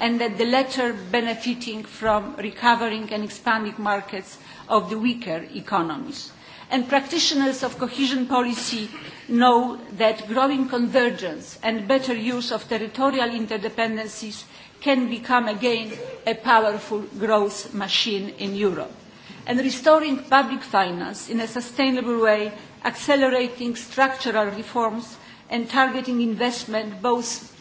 and that the latter benefiting from recovering and expanding markets of the weaker economies. And practitioners of cohesion policy know that growing convergence and better use of territorial interdependencies can become again a powerful growth machine in Europe. And restoring public finance in a sustainable way, accelerating structural reforms and targeting investment both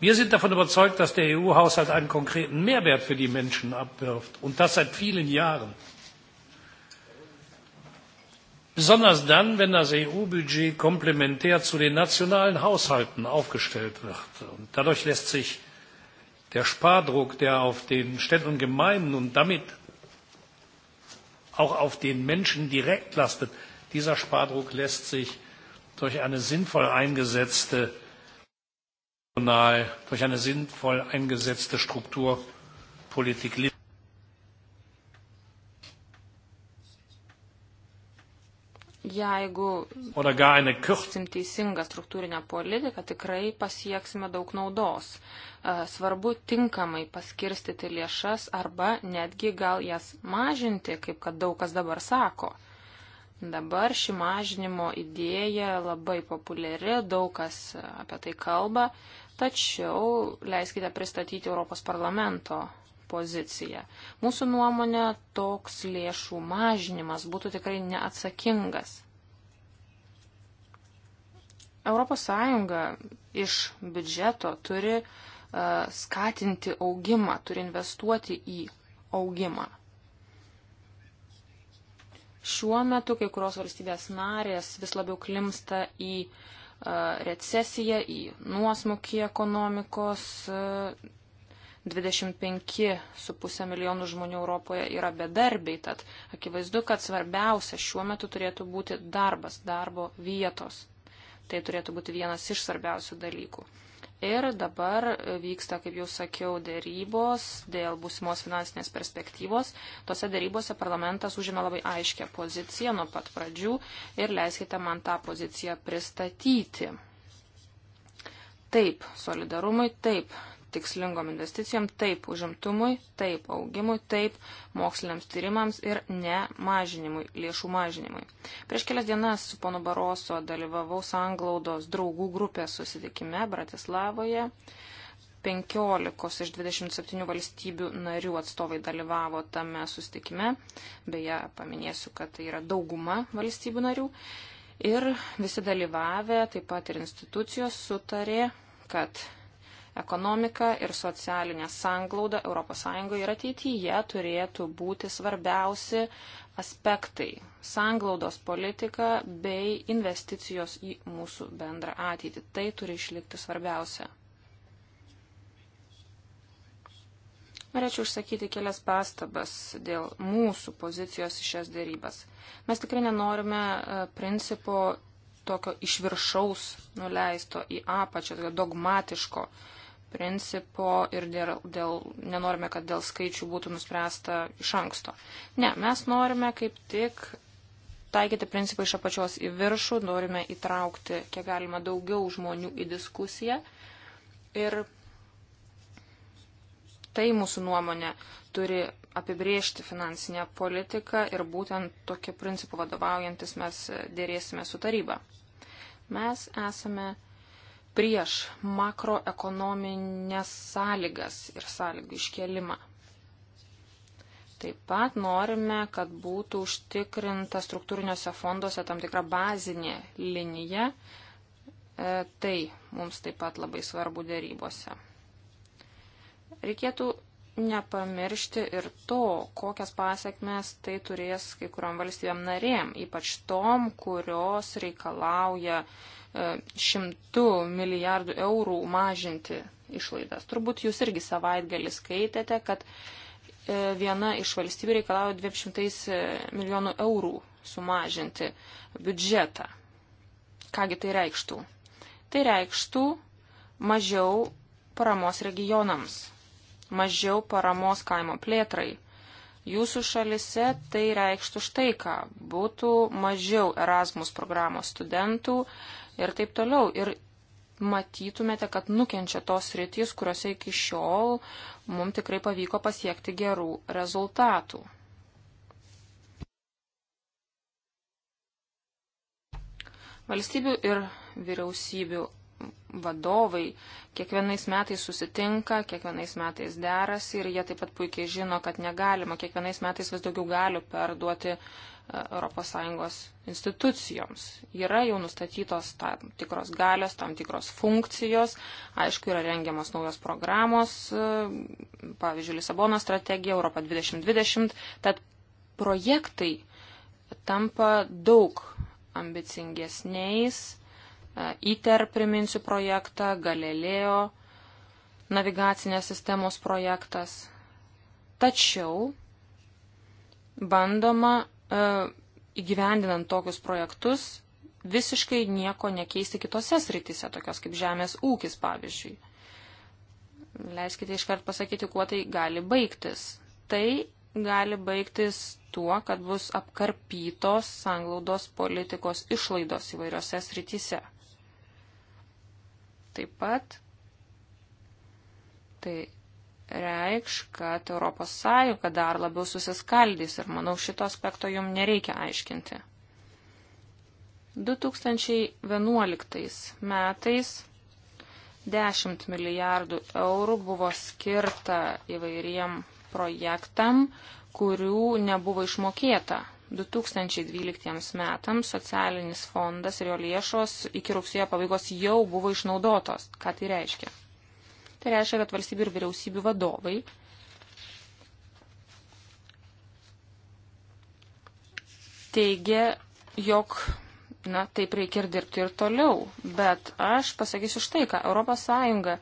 wir sind davon überzeugt dass der eu haushalt einen konkreten mehrwert für die menschen abwirft und das seit vielen jahren besonders dann wenn das eu budget komplementär zu den nationalen haushalten aufgestellt wird. Und dadurch lässt sich der spardruck der auf den städten und gemeinden und damit auch auf den menschen direkt lastet dieser spardruck lässt sich durch eine sinnvoll eingesetzte durch eine sinnvoll eingesetzte Strukturpolitik. Jeigu kursim teisingą struktūrinę politiką, tikrai pasieksime daug naudos. E, svarbu tinkamai paskirstyti lėšas arba netgi gal jas mažinti, kaip kad daug kas dabar sako. Dabar ši mažinimo idėja labai populiari, daug kas apie tai kalba tačiau leiskite pristatyti Europos parlamento poziciją. Mūsų nuomonė toks lėšų mažinimas būtų tikrai neatsakingas. Europos Sąjunga iš biudžeto turi uh, skatinti augimą, turi investuoti į augimą. Šiuo metu kai kurios valstybės narės vis labiau klimsta į uh, recesiją, į nuosmukį ekonomikos. 25,5 milijonų žmonių Europoje yra bedarbiai, tad akivaizdu, kad svarbiausia šiuo metu turėtų būti darbas, darbo vietos. Tai turėtų būti vienas iš svarbiausių dalykų. Ir dabar vyksta, kaip jau sakiau, dėrybos dėl būsimos finansinės perspektyvos. Tose dėrybose parlamentas užima labai aiškę poziciją nuo pat pradžių ir leiskite man tą poziciją pristatyti. Taip, solidarumui, taip, tikslingom investicijom, taip užimtumui, taip augimui, taip moksliniams tyrimams ir ne mažinimui, lėšų mažinimui. Prieš kelias dienas su ponu Baroso dalyvavau Sanglaudos draugų grupės susitikime Bratislavoje. 15 iš 27 valstybių narių atstovai dalyvavo tame sustikime, beje, paminėsiu, kad tai yra dauguma valstybių narių. Ir visi dalyvavę, taip pat ir institucijos sutarė, kad Ekonomika ir socialinė sanglauda ES ir ateityje turėtų būti svarbiausi aspektai - sanglaudos politika bei investicijos į mūsų bendrą ateitį. Tai turi išlikti svarbiausia. Norėčiau išsakyti kelias pastabas dėl mūsų pozicijos į šias dėrybas. Mes tikrai nenorime e, principo tokio iš viršaus nuleisto į apačią, tokio dogmatiško uh, principo ir dėl, dėl, nenorime, kad dėl skaičių būtų nuspręsta iš anksto. Ne, mes norime kaip tik taikyti principą iš apačios į viršų, norime įtraukti kiek galima daugiau žmonių į diskusiją. Ir tai mūsų nuomonė turi apibriežti finansinę politiką ir būtent tokiu principu vadovaujantis mes dėrėsime su taryba. Mes esame prieš makroekonominės sąlygas ir sąlygų iškelimą. Taip pat norime, kad būtų užtikrinta struktūriniuose fonduose tam tikra bazinė linija. E, tai mums taip pat labai svarbu dėrybose. Reikėtų nepamiršti ir to, kokias pasiekmes tai turės kai kuriam valstybėm narėm, ypač tom, kurios reikalauja e, šimtų milijardų eurų mažinti išlaidas. Turbūt jūs irgi savaitgalį skaitėte, kad e, viena iš valstybių reikalauja 200 e, milijonų eurų sumažinti biudžetą. Kągi tai reikštų? Tai reikštų mažiau paramos regionams mažiau paramos kaimo plėtrai. Jūsų šalise tai reikštų štai ką - būtų mažiau Erasmus programos studentų ir taip toliau. Ir matytumėte, kad nukenčia tos rytis, kuriuose iki šiol mums tikrai pavyko pasiekti gerų rezultatų. Valstybių ir vyriausybių vadovai kiekvienais metais susitinka, kiekvienais metais derasi ir jie taip pat puikiai žino, kad negalima kiekvienais metais vis daugiau galių perduoti ES institucijoms. Yra jau nustatytos tam tikros galios, tam tikros funkcijos, aišku, yra rengiamos naujos programos, e, pavyzdžiui, Lisabono strategija, Europa 2020, tad projektai tampa daug ambicingesniais ITER, priminsiu, projektą, Galileo navigacinės sistemos projektas. Tačiau bandoma e, įgyvendinant tokius projektus visiškai nieko nekeisti kitose srityse, tokios kaip žemės ūkis, pavyzdžiui. Leiskite iškart pasakyti, kuo tai gali baigtis. Tai gali baigtis tuo, kad bus apkarpytos sanglaudos politikos išlaidos įvairiose srityse. Taip pat tai reikš, kad Europos Sąjunga dar labiau susiskaldys ir manau šito aspekto jum nereikia aiškinti. 2011 metais 10 milijardų eurų buvo skirta įvairiem projektam, kurių nebuvo išmokėta 2012 metams socialinis fondas ir jo lėšos iki rugsėjo pabaigos jau buvo išnaudotos. Ką tai reiškia? Tai reiškia, kad valstybių ir vyriausybių vadovai teigia, jog na, taip reikia ir dirbti ir toliau. Bet aš pasakysiu štai ką. Europos Sąjunga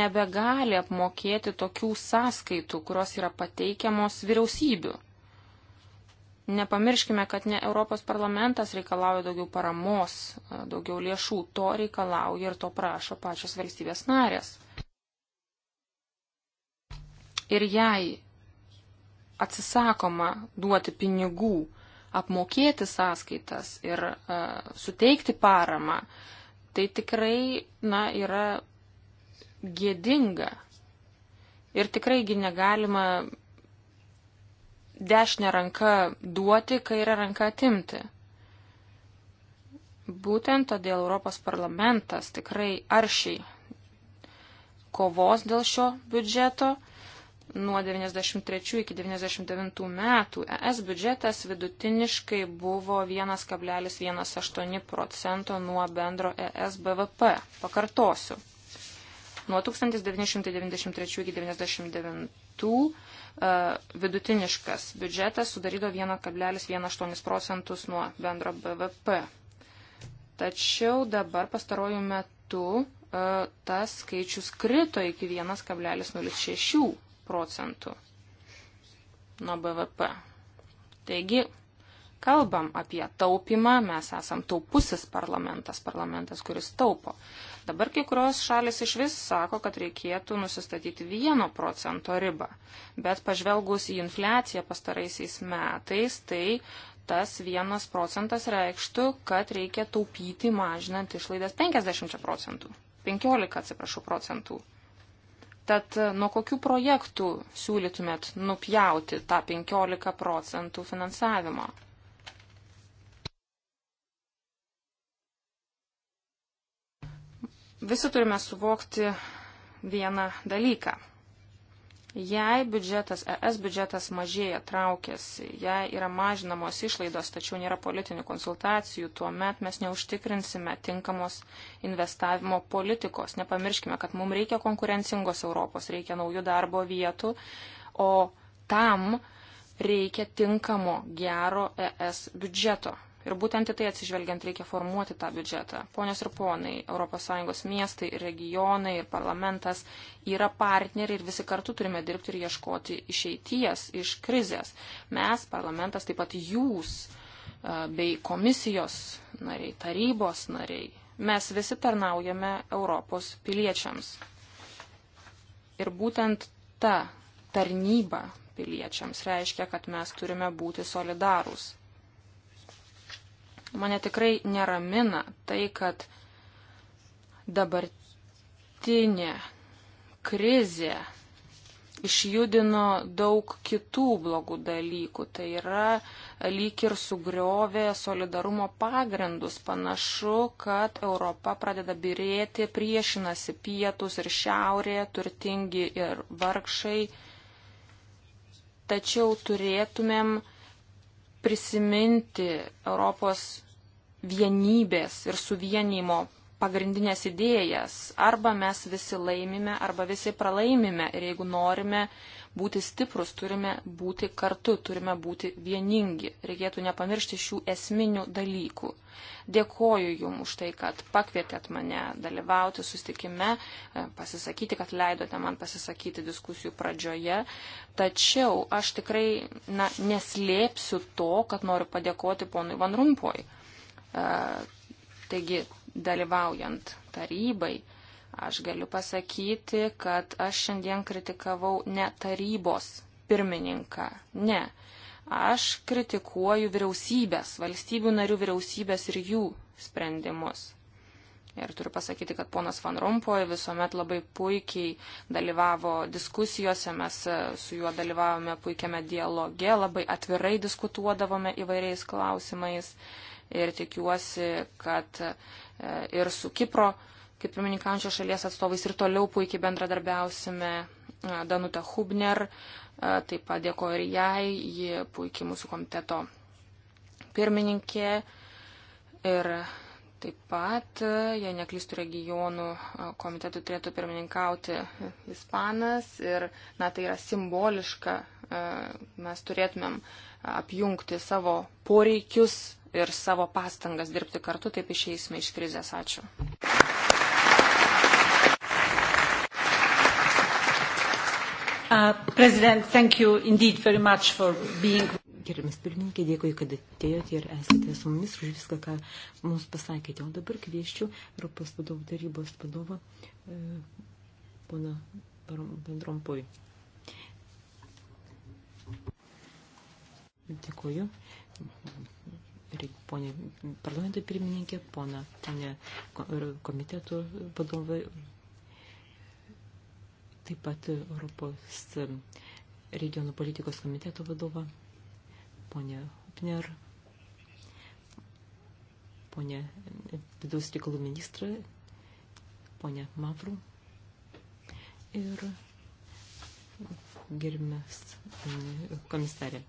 nebegali apmokėti tokių sąskaitų, kurios yra pateikiamos vyriausybių. Nepamirškime, kad ne Europos parlamentas reikalauja daugiau paramos, daugiau lėšų. To reikalauja ir to prašo pačios valstybės narės. Ir jei atsisakoma duoti pinigų, apmokėti sąskaitas ir uh, suteikti paramą, tai tikrai, na, yra gėdinga. Ir tikraigi negalima dešinę ranką duoti, kairę ranką atimti. Būtent todėl Europos parlamentas tikrai aršiai kovos dėl šio biudžeto. Nuo 1993 iki 1999 metų ES biudžetas vidutiniškai buvo 1,18 procento nuo bendro ES BVP. Pakartosiu. Nuo 1993 iki 1999 E, vidutiniškas biudžetas sudarydavo 1,18 procentus nuo bendro BVP. Tačiau dabar pastarojų metų e, tas skaičius krito iki 1,06 procentų nuo BVP. Taigi, kalbam apie taupimą, mes esam taupusis parlamentas, parlamentas, kuris taupo. Dabar kai kurios šalis iš vis sako, kad reikėtų nusistatyti vieno procento ribą, bet pažvelgus į infliaciją pastaraisiais metais, tai tas vienas procentas reikštų, kad reikia taupyti mažinant išlaidas 50 procentų, 15 atsiprašau procentų. Tad nuo kokių projektų siūlytumėt nupjauti tą 15 procentų finansavimo? visi turime suvokti vieną dalyką. Jei biudžetas, ES biudžetas mažėja, traukiasi, jei yra mažinamos išlaidos, tačiau nėra politinių konsultacijų, tuomet mes neužtikrinsime tinkamos investavimo politikos. Nepamirškime, kad mums reikia konkurencingos Europos, reikia naujų darbo vietų, o tam reikia tinkamo, gero ES biudžeto. Ir būtent į tai atsižvelgiant reikia formuoti tą biudžetą. Ponios ir ponai, ES miestai, regionai ir parlamentas yra partneriai ir visi kartu turime dirbti ir ieškoti išeities iš krizės. Mes, parlamentas, taip pat jūs e, bei komisijos nariai, tarybos nariai, mes visi tarnaujame Europos piliečiams. Ir būtent ta tarnyba piliečiams reiškia, kad mes turime būti solidarūs Mane tikrai neramina tai, kad dabartinė krizė išjudino daug kitų blogų dalykų. Tai yra lyg ir sugriovė solidarumo pagrindus. Panašu, kad Europa pradeda birėti, priešinasi pietus ir šiaurė, turtingi ir vargšai. Tačiau turėtumėm prisiminti Europos vienybės ir suvienimo pagrindinės idėjas. Arba mes visi laimime, arba visi pralaimime. Ir jeigu norime būti stiprus, turime būti kartu, turime būti vieningi. Reikėtų nepamiršti šių esminių dalykų. Dėkoju Jums už tai, kad pakvietėt mane dalyvauti sustikime, e, pasisakyti, kad leidote man pasisakyti diskusijų pradžioje. Tačiau aš tikrai na, neslėpsiu to, kad noriu padėkoti ponui Van Rumpoj E, taigi, dalyvaujant tarybai, aš galiu pasakyti, kad aš šiandien kritikavau ne tarybos pirmininką, ne. Aš kritikuoju vyriausybės, valstybių narių vyriausybės ir jų sprendimus. Ir turiu pasakyti, kad ponas Van Rompuoja visuomet labai puikiai dalyvavo diskusijose, mes su juo dalyvavome puikiame dialoge, labai atvirai diskutuodavome įvairiais klausimais ir tikiuosi, kad e, ir su Kipro, kaip pirmininkančios šalies atstovais, ir toliau puikiai bendradarbiausime e, Danutą Hubner, e, taip pat dėkoju ir jai, ji puikiai mūsų komiteto pirmininkė. Ir taip pat, jei neklystų regionų komitetų, turėtų pirmininkauti Ispanas. Ir, na, tai yra simboliška, mes turėtumėm apjungti savo poreikius ir savo pastangas dirbti kartu, taip išeisime iš krizės. Ačiū. Uh, President, thank you indeed very much for being. Gerbiamas pirmininkė, dėkui, kad atėjote ir esate su mumis už viską, ką mums pasakėte. O dabar kvieščiau Europos vadovų tarybos vadovą e, uh, pona Bendrompui. Dėkuoju ponė parlamento pirmininkė, pona, ponė komitetų vadovai, taip pat Europos regionų politikos komiteto vadova, ponė Upner, ponė vidaus reikalų ministra, ponė Mavrų ir gerbimas mm, komisarė.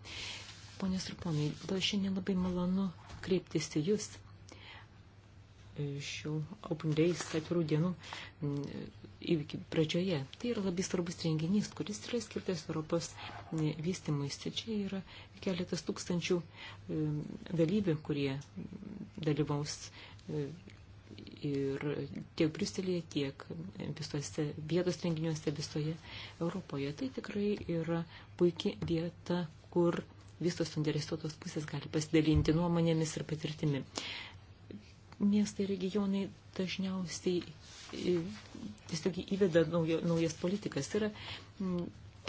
Ponios ir ponai, buvo šiandien labai malonu kreiptis į Jūs e, šių Open Days atvirų dienų įvykių pradžioje. Tai yra labai svarbus renginys, kuris yra skirtas Europos vystimui. Čia yra keletas tūkstančių e, dalyvių, kurie dalyvaus e, ir tiek Briuselėje, tiek visose vietos renginiuose visoje Europoje. Tai tikrai yra puikia vieta, kur visos suinteresuotos pusės gali pasidalinti nuomonėmis ir patirtimi. Miestai regionai dažniausiai e, tiesiog įveda naujo, naujas politikas. Yra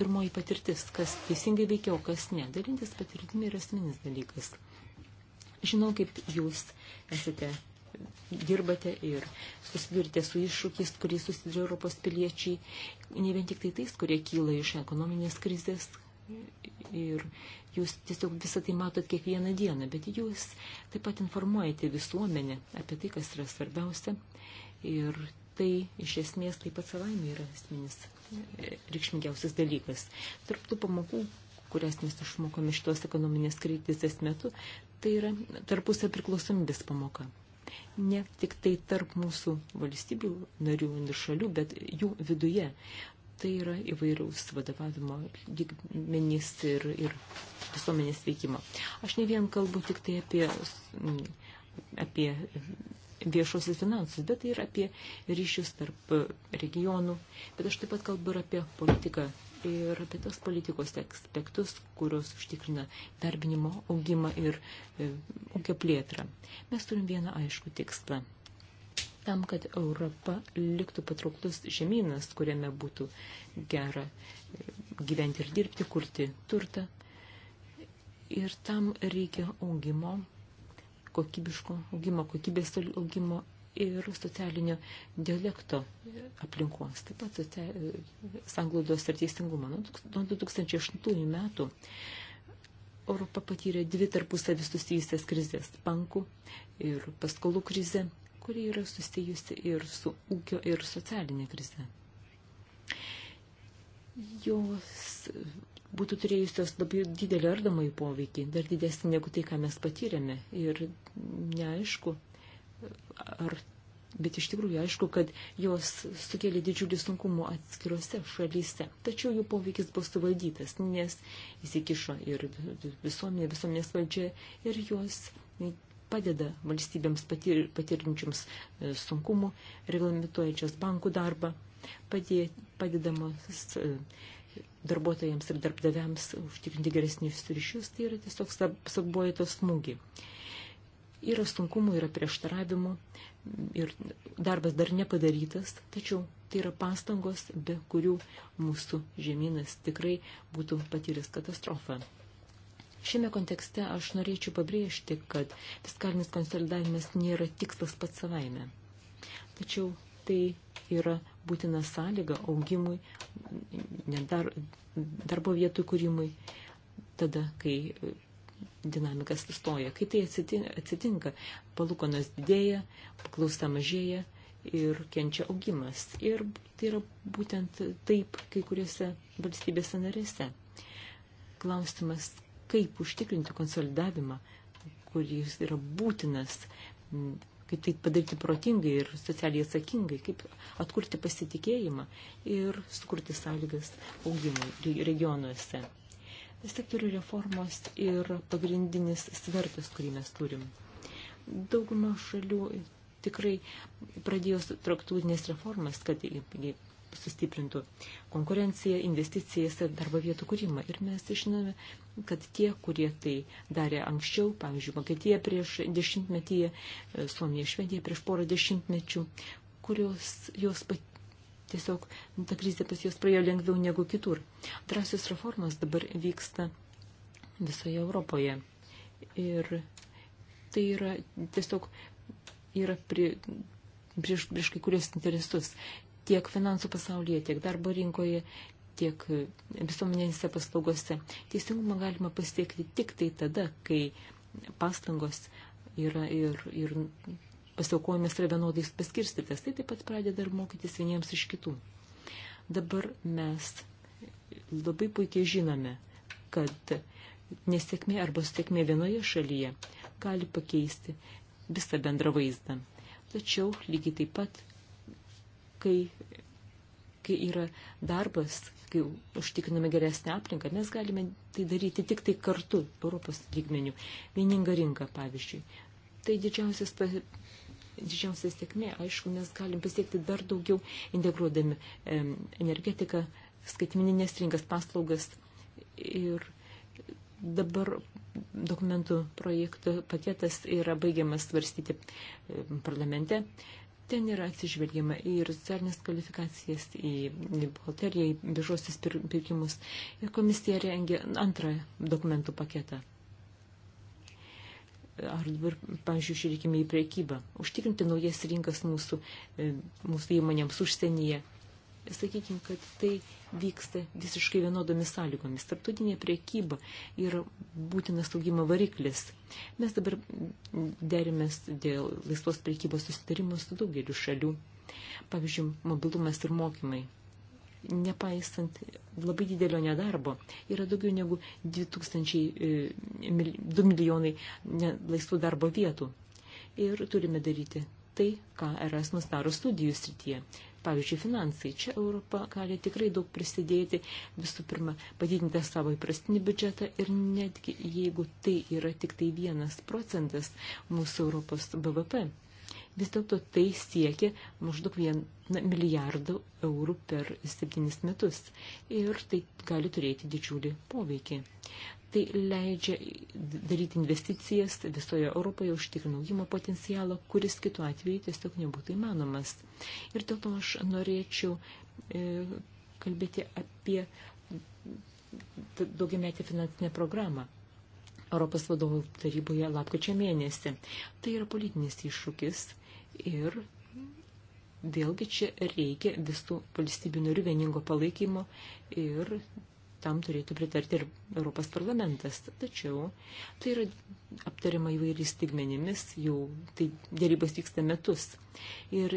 pirmoji patirtis, kas teisingai veikiau, kas ne. Dalintis patirtimi yra asmenis dalykas. Žinau, kaip jūs esate dirbate ir susidurite su iššūkiais, kuriais susiduria Europos piliečiai, ne vien tik tai tais, kurie kyla iš ekonominės krizės ir Jūs tiesiog visą tai matot kiekvieną dieną, bet jūs taip pat informuojate visuomenę apie tai, kas yra svarbiausia. Ir tai iš esmės taip pat savaime yra esminis e, reikšmingiausias dalykas. Tarptų pamokų, kurias mes išmokome šitos ekonominės krizės metu, tai yra tarpusio priklausomybės pamoka. Ne tik tai tarp mūsų valstybių narių ir šalių, bet jų viduje tai yra įvairiaus vadovavimo lygmenys ir, ir visuomenės veikimo. Aš ne vien kalbu tik tai apie, apie viešosius finansus, bet ir apie ryšius tarp regionų, bet aš taip pat kalbu ir apie politiką ir apie tas politikos aspektus, kurios užtikrina darbinimo augimą ir e, ūkio plėtrą. Mes turim vieną aišku tikslą tam, kad Europa liktų patrauktus žemynas, kuriame būtų gera gyventi ir dirbti, kurti turtą. Ir tam reikia augimo, kokybiško augimo, kokybės augimo ir socialinio dialekto aplinkos, taip pat sanglaudos ir teisingumo. Nuo 2008 metų Europa patyrė dvi tarpusavį susijusias krizės - bankų ir paskolų krizę kuri yra susijusi ir su ūkio ir socialinė krize. Jos būtų turėjusios labai didelį ardomąjį poveikį, dar didesnį negu tai, ką mes patyrėme. Ir neaišku, ar, bet iš tikrųjų aišku, kad jos sukėlė didžiulį sunkumų atskiruose šalyse. Tačiau jų poveikis buvo suvaldytas, nes įsikišo ir visuomenė, visuomenės valdžia ir jos padeda valstybėms patir, patirinčiams e, sunkumų, reglamentuojančios bankų darbą, padė, padedamas e, darbuotojams ir darbdaviams užtikrinti geresnius ryšius, tai yra tiesiog sabuoja to smūgį. Yra sunkumų, yra prieštaravimų ir darbas dar nepadarytas, tačiau tai yra pastangos, be kurių mūsų žemynas tikrai būtų patyręs katastrofą. Šiame kontekste aš norėčiau pabrėžti, kad fiskalinis konsolidavimas nėra tikslas pats savaime. Tačiau tai yra būtina sąlyga augimui, dar, darbo vietų kūrimui, tada, kai e, dinamika sustoja. Kai tai atsitinka, palūkonas didėja, paklausa mažėja ir kenčia augimas. Ir tai yra būtent taip kai kuriuose valstybėse narėse. Klausimas, kaip užtikrinti konsolidavimą, kuris yra būtinas, kaip tai padaryti protingai ir socialiai atsakingai, kaip atkurti pasitikėjimą ir sukurti sąlygas augimui regionuose. Sektorių reformos yra pagrindinis svertas, kurį mes turim. Dauguma šalių tikrai pradėjo struktūrinės reformas, kad sustiprintų konkurenciją, investicijas ir darbo vietų kūrimą. Ir mes žinome, kad tie, kurie tai darė anksčiau, pavyzdžiui, Vokietija prieš dešimtmetį, e, Suomija, Švedija prieš porą dešimtmečių, kurios jos pat, tiesiog ta krizė pas jos praėjo lengviau negu kitur. Drąsios reformos dabar vyksta visoje Europoje. Ir tai yra tiesiog yra pri, prieš, prieš kai kurios interesus tiek finansų pasaulyje, tiek darbo rinkoje, tiek visuomenėse paslaugose. Teisingumą galima pasiekti tik tai tada, kai pastangos yra ir, ir pasiaukojimas yra vienodai paskirstytas. Tai taip pat pradeda ir mokytis vieniems iš kitų. Dabar mes labai puikiai žinome, kad nesėkmė arba sėkmė vienoje šalyje gali pakeisti visą bendrą vaizdą. Tačiau lygiai taip pat kai, kai yra darbas, kai užtikriname geresnę aplinką, mes galime tai daryti tik tai kartu Europos lygmenių. Vieninga rinka, pavyzdžiui. Tai didžiausias, didžiausias sėkmė, aišku, mes galim pasiekti dar daugiau integruodami e, energetiką, skaitmininės rinkas, paslaugas. Ir dabar dokumentų projektų paketas yra baigiamas svarstyti parlamente. E, Ten yra atsižvelgiama ir socialinės kvalifikacijas, į buhalteriją, į viešuosius pirkimus. Ir komisija rengia antrą dokumentų paketą. Ar dabar, pavyzdžiui, žiūrėkime į priekybą. Užtikrinti naujas rinkas mūsų, e, mūsų įmonėms užsienyje sakykime, kad tai vyksta visiškai vienodomis sąlygomis. Tarptautinė priekyba yra būtinas augimo variklis. Mes dabar derimės dėl laisvos priekybos susitarimo su daugeliu šalių. Pavyzdžiui, mobilumas ir mokymai. Nepaisant labai didelio nedarbo, yra daugiau negu 2000, 2 e, milijonai laisvų darbo vietų. Ir turime daryti tai, ką Erasmus daro studijų srityje. Pavyzdžiui, finansai. Čia Europa gali tikrai daug prisidėti, visų pirma, padidinti savo įprastinį biudžetą ir netgi jeigu tai yra tik tai vienas procentas mūsų Europos BVP, vis dėlto tai siekia maždaug 1 milijardą eurų per 7 metus ir tai gali turėti didžiulį poveikį. Tai leidžia daryti investicijas visoje Europoje, užtikrina augimo potencialą, kuris kitu atveju tiesiog nebūtų įmanomas. Ir dėl to aš norėčiau e, kalbėti apie daugiametį finansinę programą. Europos vadovų taryboje lapkričio mėnesį. Tai yra politinis iššūkis ir vėlgi čia reikia visų valstybių narių vieningo palaikymo ir tam turėtų pritarti ir Europos parlamentas. Tačiau tai yra aptariama įvairiais stigmenimis, jau tai dėrybos vyksta metus. Ir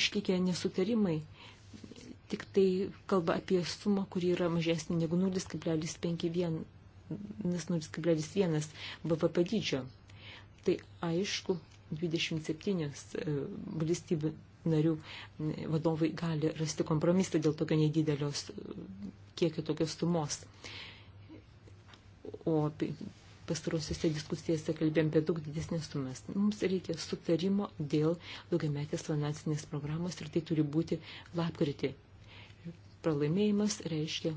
išlikę nesutarimai tik tai kalba apie sumą, kuri yra mažesnė negu 0,51 BVP dydžio. Tai aišku, 27 e, valstybių narių vadovai gali rasti kompromisą dėl tokio nedidelios e, kiekio tokios stumos. O pastarosiuose diskusijose kalbėjom apie daug didesnės sumas. Mums reikia sutarimo dėl daugiametės finansinės programos ir tai turi būti lapkritį. Pralaimėjimas reiškia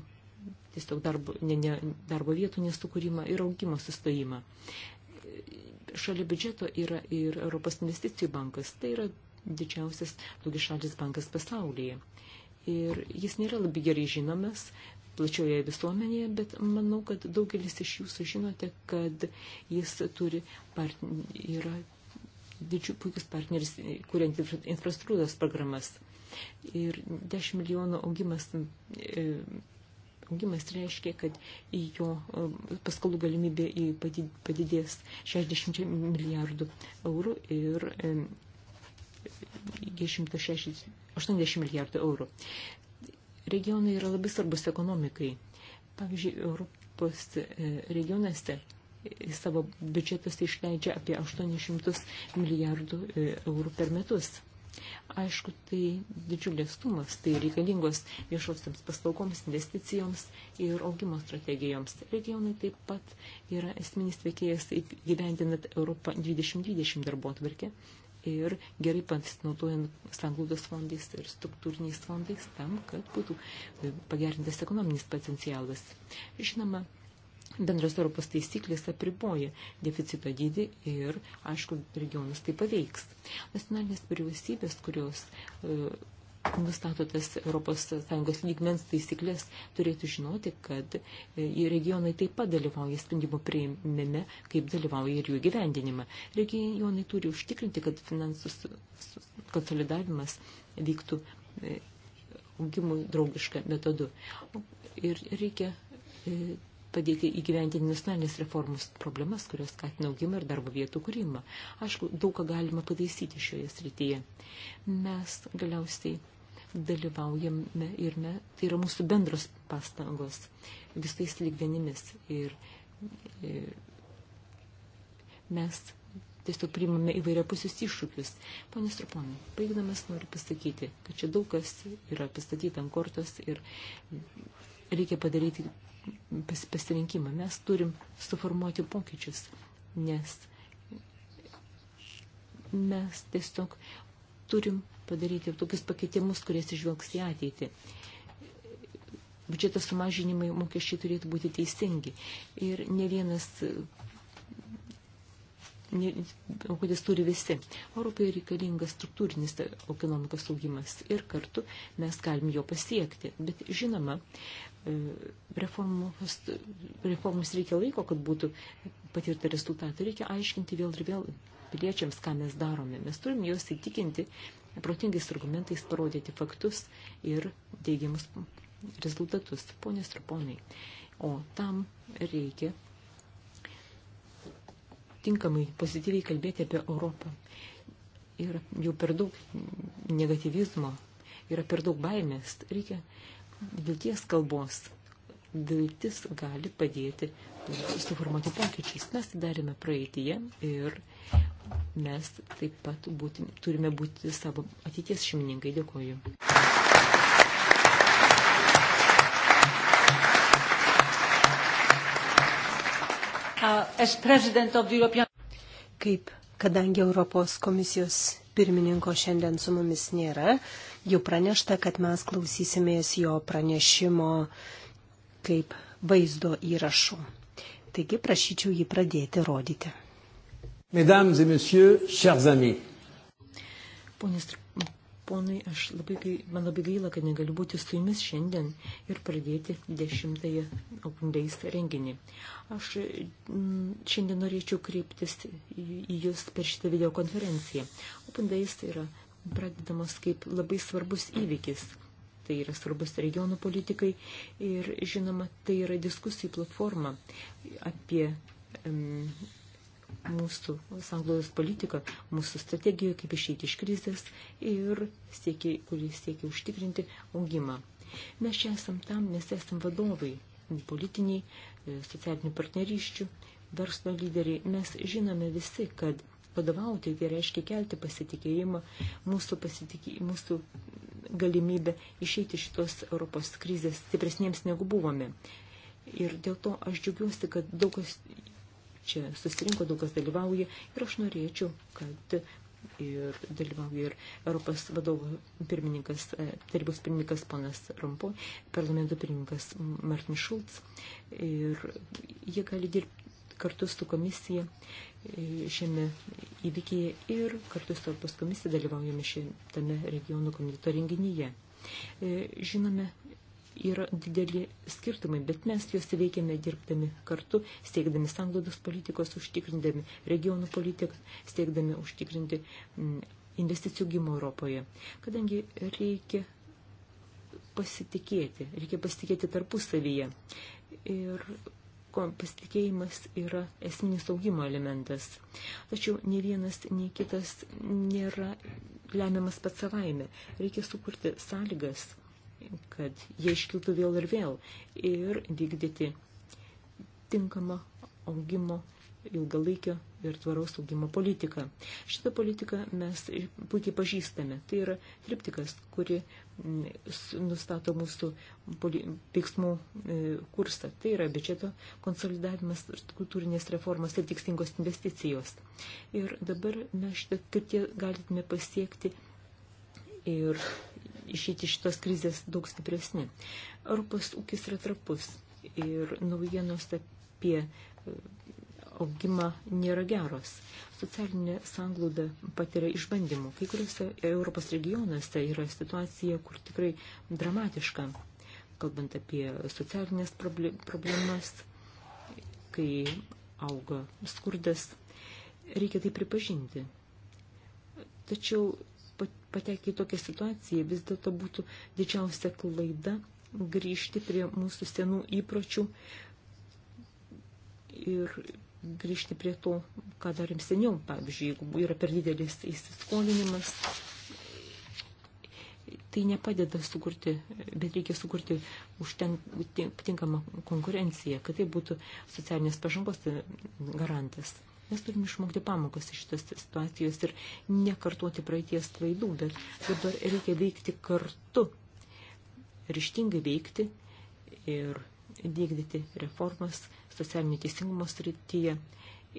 tiesiog darbo, ne, ne, darbo vietų nesukūrimą ir augimo sustojimą. Šalia biudžeto yra ir Europos investicijų bankas. Tai yra didžiausias daugišalis bankas pasaulyje. Ir jis nėra labai gerai žinomas plačioje visuomenėje, bet manau, kad daugelis iš jūsų žinote, kad jis turi partnerį, yra didžiu puikus partneris, kuriant infrastruktūros programas. Ir 10 milijonų augimas e, augimas reiškia, kad jo e, paskolų galimybė padidės 60 milijardų eurų ir e, iki 180 milijardų eurų. Regionai yra labai svarbus ekonomikai. Pavyzdžiui, Europos e, regionuose e, savo biudžetuose išleidžia apie 800 milijardų e, eurų per metus. Aišku, tai didžiulės sumas, tai reikalingos viešosiams paslaugoms, investicijoms ir augimo strategijoms. Regionai taip pat yra esminis veikėjas gyventinant Europą 2020 darbo atvarkę ir gerai pasinaudojant sanglaudos fondais ir struktūriniais fondais tam, kad būtų e, pagerintas ekonominis potencialas. Žinoma, bendras Europos taisyklės apriboja deficito dydį ir, aišku, regionus tai paveiks. Nacionalinės vyriausybės, kurios e, nustato tas ES lygmens taisyklės, turėtų žinoti, kad e, regionai taip pat dalyvauja sprendimo prieimime, kaip dalyvauja ir jų gyvendinime. Regionai turi užtikrinti, kad finansus konsolidavimas vyktų e, augimui draugišką metodu. Ir reikia e, padėti įgyventinti nacionalinės reformos problemas, kurios skatina augimą ir darbo vietų kūrimą. Aišku, daug ką galima pataisyti šioje srityje. Mes galiausiai dalyvaujame ir me, tai yra mūsų bendros pastangos visais lygmenimis. Ir, ir e, mes tiesiog priimame įvairiapusius iššūkius. Pane Struponai, baigdamas noriu pasakyti, kad čia daug kas yra pastatyta ant kortos ir reikia padaryti pas, pasirinkimą. Mes turim suformuoti pokyčius, nes mes tiesiog turim padaryti tokius pakeitimus, kurie išvelgs į ateitį. Biudžeto sumažinimai mokesčiai turėtų būti teisingi. Ir ne vienas kodės turi visi. Europai reikalingas struktūrinis ekonomikos augimas ir kartu mes galim jo pasiekti. Bet žinoma, e, reformos, reformos reikia laiko, kad būtų patirta rezultatai. Reikia aiškinti vėl ir vėl piliečiams, ką mes darome. Mes turim juos įtikinti, protingais argumentais parodyti faktus ir teigiamus rezultatus, ponės ir ponai. O tam reikia tinkamai, pozityviai kalbėti apie Europą. Ir jau per daug negativizmo, yra per daug baimės, reikia vilties kalbos. Viltis gali padėti suformuoti pokyčiais. Mes tai darėme praeitie ir mes taip pat būti, turime būti savo ateities šeimininkai. Dėkuoju. Kaip, kadangi Europos komisijos pirmininko šiandien su mumis nėra, jau pranešta, kad mes klausysimės jo pranešimo kaip vaizdo įrašų. Taigi prašyčiau jį pradėti rodyti. Mesdames et messieurs, chers amis. Ponis, ponai, aš labai, man labai gaila, kad negaliu būti su jumis šiandien ir pradėti dešimtąją Open Days renginį. Aš mm, šiandien norėčiau kreiptis į jūs per šitą videokonferenciją. Open Days tai yra pradedamas kaip labai svarbus įvykis tai yra svarbus regionų politikai ir, žinoma, tai yra diskusijų platforma apie um, mūsų sanglaudos politiką, mūsų strategiją, kaip išeiti iš krizės ir siekia, kuris siekia užtikrinti augimą. Mes čia esam tam, nes esam vadovai, politiniai, e, socialinių partnerysčių, verslo lyderiai. Mes žinome visi, kad vadovauti tai reiškia kelti pasitikėjimą, mūsų, pasitikė, mūsų galimybę išeiti šitos Europos krizės stipresniems negu buvome. Ir dėl to aš džiaugiuosi, kad daug kas čia susirinko, daug kas dalyvauja ir aš norėčiau, kad ir dalyvauja ir Europos vadovų pirmininkas, e, tarybos pirmininkas ponas Rompo, parlamento pirmininkas Martin Schulz. Ir jie gali dirbti kartu su komisija e, šiame įvykyje ir kartu su Europos komisija dalyvaujame šitame regionų komiteto renginyje. E, žinome, yra dideli skirtumai, bet mes juos įveikėme dirbdami kartu, siekdami sanglaudos politikos, užtikrindami regionų politiką, siekdami užtikrinti mm, investicijų gimo Europoje. Kadangi reikia pasitikėti, reikia pasitikėti tarpusavyje. Ir pasitikėjimas yra esminis augimo elementas. Tačiau ne vienas, nei kitas nėra lemiamas pats savaime. Reikia sukurti sąlygas kad jie iškiltų vėl ir vėl ir vykdyti tinkamą augimo ilgalaikio ir tvaraus augimo politiką. Šitą politiką mes puikiai pažįstame. Tai yra triptikas, kuri nustato mūsų veiksmų e, kursą. Tai yra biudžeto konsolidavimas, kultūrinės reformas ir tikslingos investicijos. Ir dabar mes šitą, kaip tie galime pasiekti ir išėti iš šitos krizės daug stipresni. Europos ūkis yra trapus ir naujienos apie e, augimą nėra geros. Socialinė sanglauda patiria išbandymų. Kai kuriuose Europos regionuose yra situacija, kur tikrai dramatiška, kalbant apie socialinės problemas, kai auga skurdas. Reikia tai pripažinti. Tačiau patekę į tokią situaciją, vis dėlto būtų didžiausia klaida grįžti prie mūsų senų įpročių ir grįžti prie to, ką darėm seniau. Pavyzdžiui, jeigu yra per didelis įsiskolinimas, tai nepadeda sukurti, bet reikia sukurti užtinkamą konkurenciją, kad tai būtų socialinės pažangos garantas. Mes turime išmokti pamokas iš šitas situacijos ir nekartuoti praeities klaidų, bet dabar reikia veikti kartu, ryštingai veikti ir dėkdyti reformas socialinio teisingumo srityje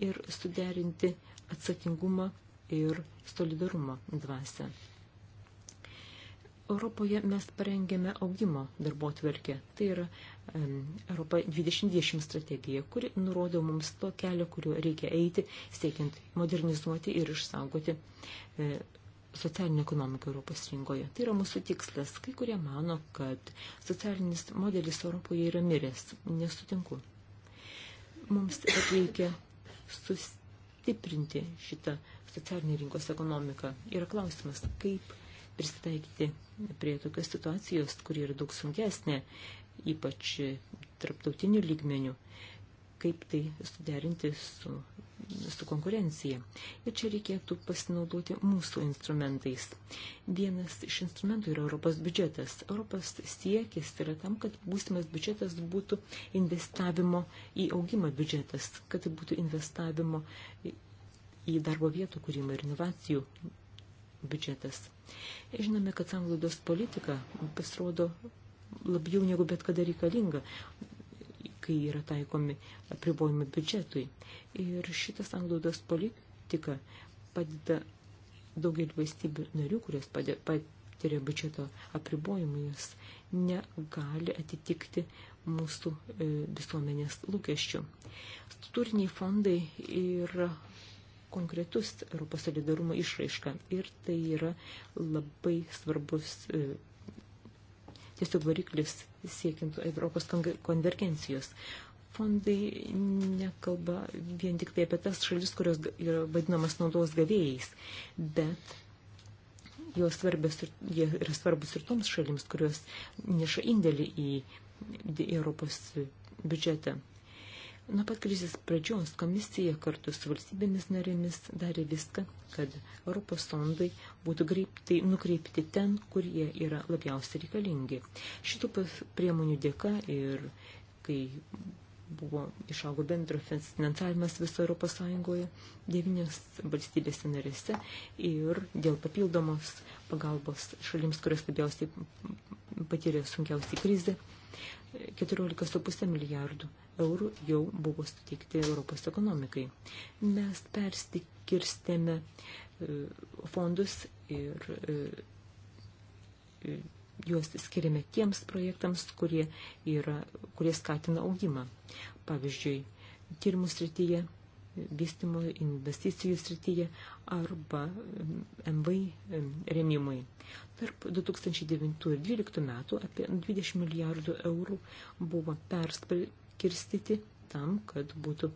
ir suderinti atsakingumą ir solidarumo dvasę. Europoje mes parengėme augimo darbo tvarkę. Tai yra Europa 2020 strategija, kuri nurodo mums to kelio, kuriuo reikia eiti, siekiant modernizuoti ir išsaugoti e, socialinę ekonomiką Europos rinkoje. Tai yra mūsų tikslas. Kai kurie mano, kad socialinis modelis Europoje yra miręs. Nesutinku. Mums reikia sustiprinti šitą socialinį rinkos ekonomiką. Yra klausimas, kaip prisitaikyti prie tokios situacijos, kuri yra daug sunkesnė ypač tarptautinių lygmenių, kaip tai suderinti su, su konkurencija. Ir čia reikėtų pasinaudoti mūsų instrumentais. Vienas iš instrumentų yra Europos biudžetas. Europos siekis yra tam, kad būsimas biudžetas būtų investavimo į augimą biudžetas, kad tai būtų investavimo į darbo vietų kūrimą ir inovacijų biudžetas. Žinome, kad sanglaudos politika pasirodo labiau negu bet kada reikalinga, kai yra taikomi apribojimai biudžetui. Ir šitas anglaudos politika padeda daugelį valstybių narių, kurios patiria biudžeto apribojimai, jos negali atitikti mūsų e, visuomenės lūkesčių. Struktūriniai fondai yra konkretus Europos solidarumo išraiška ir tai yra labai svarbus e, tiesiog variklis siekiant Europos konvergencijos. Fondai nekalba vien tik tai apie tas šalis, kurios yra vadinamas naudos gavėjais, bet jos svarbios ir, jie yra svarbus ir toms šalims, kurios neša indėlį į Europos biudžetą. Nuo pat krizės pradžios komisija kartu su valstybėmis narėmis darė viską, kad Europos fondai būtų greitai nukreipti ten, kur jie yra labiausiai reikalingi. Šitų priemonių dėka ir kai buvo išaugo bendro finansavimas viso Europos Sąjungoje, devynios valstybėse narėse ir dėl papildomos pagalbos šalims, kurios labiausiai patyrė sunkiausiai krizę, 14,5 milijardų eurų jau buvo suteikti Europos ekonomikai. Mes perstikirstėme e, fondus ir e, e, juos skiriame tiems projektams, kurie, yra, kurie skatina augimą. Pavyzdžiui, tyrimų srityje vystimo investicijų srityje arba MVI remimui. Tarp 2009 ir 2012 metų apie 20 milijardų eurų buvo perskirstyti tam, kad būtų,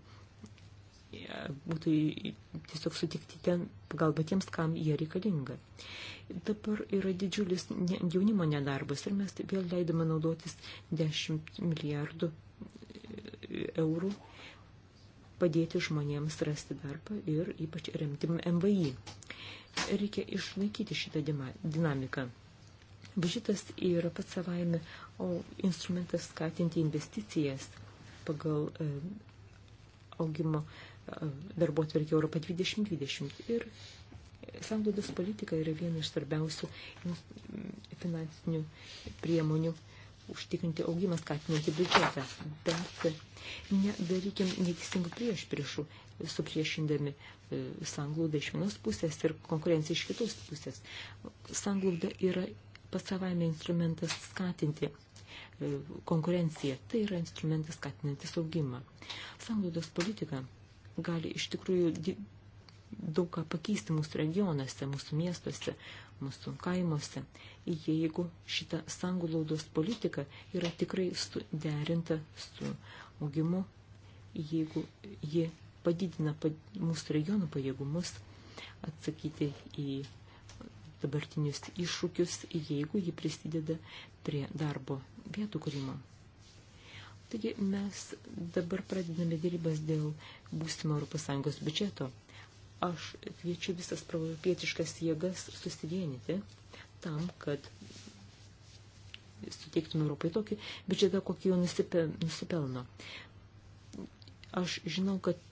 būtų tiesiog sutikti ten pagalba tiems, kam jie reikalinga. Dabar yra didžiulis jaunimo nedarbas ir mes vėl leidome naudotis 10 milijardų eurų padėti žmonėms rasti darbą ir ypač remti MVI. Reikia išlaikyti šitą dinamiką. Biudžetas yra pats savaime instrumentas skatinti investicijas pagal e, augimo e, darbo atverkį Europą 2020. Ir sanglaudos politika yra viena iš svarbiausių finansinių priemonių užtikrinti augimą, skatinti biudžetą, bet nedarykim neteisingų prieš priešų, supriešindami e, sanglaudą iš vienos pusės ir konkurenciją iš kitos pusės. Sanglauda yra pasavaime instrumentas skatinti e, konkurenciją, tai yra instrumentas skatinantis augimą. Sanglaudos politika gali iš tikrųjų daug ką pakeisti mūsų regionuose, mūsų miestuose, mūsų kaimuose, jeigu šita sanglaudos politika yra tikrai derinta su augimu, jeigu ji padidina mūsų regionų pajėgumus atsakyti į dabartinius iššūkius, jeigu ji prisideda prie darbo vietų kūrimo. Taigi mes dabar pradedame dėrybas dėl būsimo ES biudžeto Aš kviečiu visas propietiškas jėgas susivienyti tam, kad suteiktume Europai tokį biudžetą, kokį jau nusipelno. Aš žinau, kad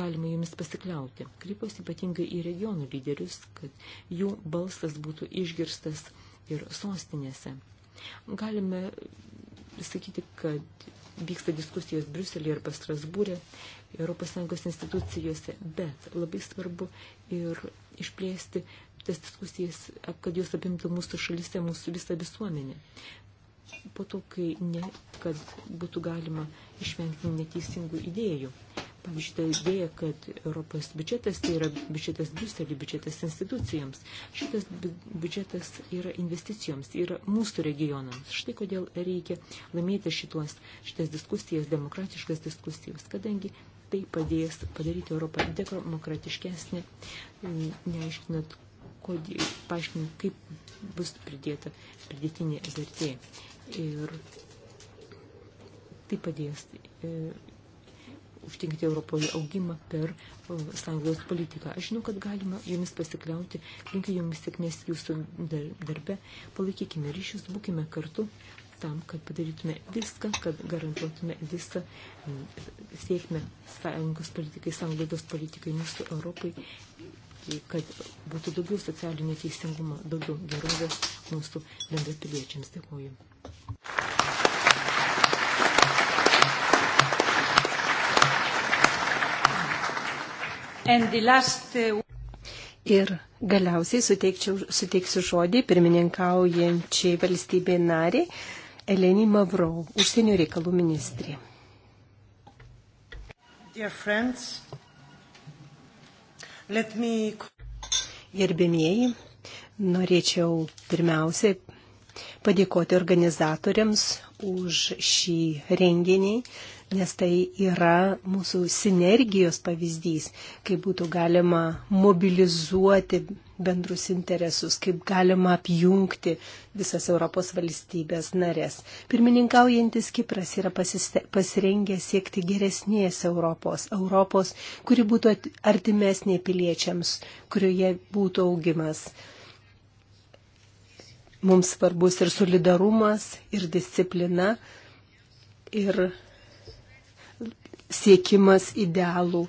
galima jumis pasikliauti. Kreipiuosi ypatingai į regionų lyderius, kad jų balsas būtų išgirstas ir sostinėse. Galime sakyti, kad vyksta diskusijos Briuselėje ir Pastrasbūrė, ES institucijose, bet labai svarbu ir išplėsti tas diskusijas, kad jos apimtų mūsų šalyse, mūsų visą visuomenę. Po to, kai ne, kad būtų galima išvengti neteisingų idėjų. Pavyzdžiui, ta idėja, kad Europos biudžetas tai yra biudžetas Briuselį, biudžetas institucijams. Šitas biudžetas yra investicijoms, yra mūsų regionams. Štai kodėl reikia laimėti šituos, šitas diskusijas, demokratiškas diskusijas, kadangi tai padės padaryti Europą demokratiškesnį, neaiškinant, kodėl, paaiškinant, kaip bus pridėta pridėtinė vertė. Ir tai padės. E, užtikrinti Europoje augimą per sąjungos politiką. Aš žinau, kad galima jumis pasikliauti, linkiu jums sėkmės jūsų darbe, palaikykime ryšius, būkime kartu tam, kad padarytume viską, kad garantuotume visą sėkmę sąjungos politikai, sąjungos politikai mūsų Europai, kad būtų daugiau socialinio teisingumo, daugiau gerovės mūsų bendrapiliečiams. Dėkuoju. Last... Uh, Ir galiausiai suteiksiu žodį pirmininkaujančiai valstybė nariai Eleni Mavrau, užsienio reikalų ministrė. Me... Gerbėmieji, norėčiau pirmiausiai padėkoti organizatoriams už šį renginį, nes tai yra mūsų sinergijos pavyzdys, kaip būtų galima mobilizuoti bendrus interesus, kaip galima apjungti visas Europos valstybės narės. Pirmininkaujantis Kipras yra pasirengęs siekti geresnės Europos, Europos, kuri būtų artimesnė piliečiams, kurioje būtų augimas. Mums svarbus ir solidarumas, ir disciplina, ir siekimas idealų.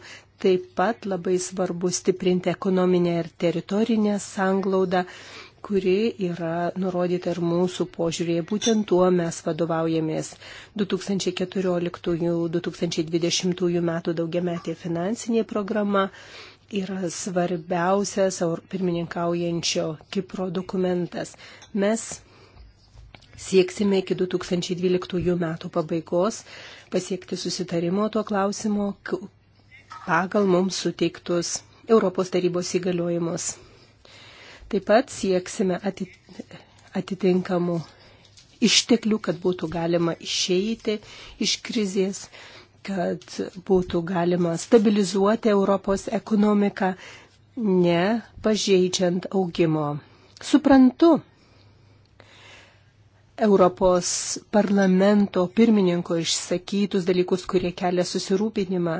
Taip pat labai svarbu stiprinti ekonominę ir teritorinę sanglaudą, kuri yra nurodyta ir mūsų požiūrėje. Būtent tuo mes vadovaujamės 2014-2020 metų daugiametė finansinė programa yra svarbiausias pirmininkaujančio Kipro dokumentas. Mes Sieksime iki 2012 metų pabaigos pasiekti susitarimo tuo klausimu pagal mums suteiktus Europos tarybos įgaliojimus. Taip pat sieksime atitinkamų išteklių, kad būtų galima išeiti iš krizės, kad būtų galima stabilizuoti Europos ekonomiką, nepažeidžiant augimo. Suprantu, Europos parlamento pirmininko išsakytus dalykus, kurie kelia susirūpinimą.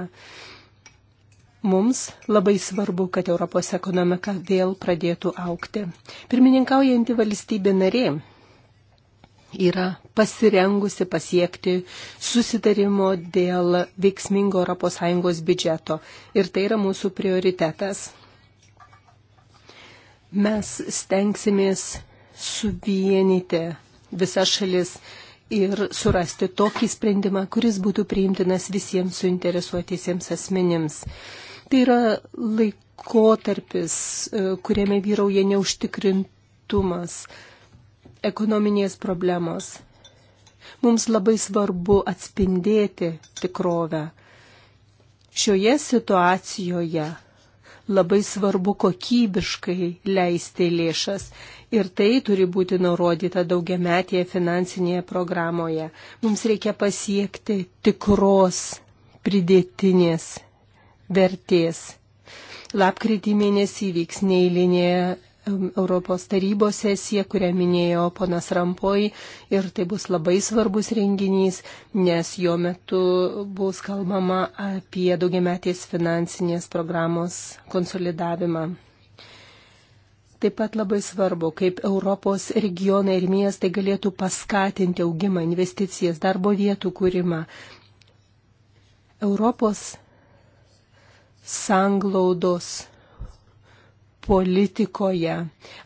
Mums labai svarbu, kad Europos ekonomika vėl pradėtų aukti. Pirmininkaujanti valstybė narė yra pasirengusi pasiekti susitarimo dėl veiksmingo ES biudžeto. Ir tai yra mūsų prioritetas. Mes stengsimės suvienyti visas šalis ir surasti tokį sprendimą, kuris būtų priimtinas visiems suinteresuotiesiems asmenims. Tai yra laikotarpis, e, kuriame vyrauja neužtikrintumas, ekonominės problemos. Mums labai svarbu atspindėti tikrovę. Šioje situacijoje labai svarbu kokybiškai leisti lėšas. Ir tai turi būti nurodyta daugiametėje finansinėje programoje. Mums reikia pasiekti tikros pridėtinės vertės. Lapkritį mėnesį vyks neįlinė Europos tarybos sesija, kurią minėjo ponas Rampoj. Ir tai bus labai svarbus renginys, nes jo metu bus kalbama apie daugiametės finansinės programos konsolidavimą. Taip pat labai svarbu, kaip Europos regionai ir miestai galėtų paskatinti augimą, investicijas, darbo vietų kūrimą. Europos sanglaudos politikoje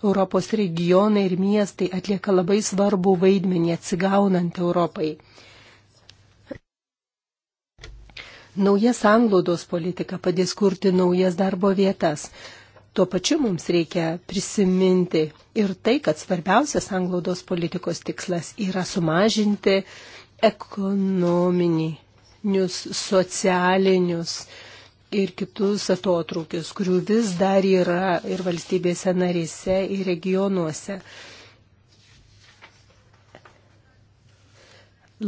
Europos regionai ir miestai atlieka labai svarbu vaidmenį atsigaunant Europai. Nauja sanglaudos politika padės kurti naujas darbo vietas. Tuo pačiu mums reikia prisiminti ir tai, kad svarbiausias sanglaudos politikos tikslas yra sumažinti ekonominius, socialinius, uh, ir kitus atotrukius, kurių vis dar yra ir valstybėse narėse, ir regionuose.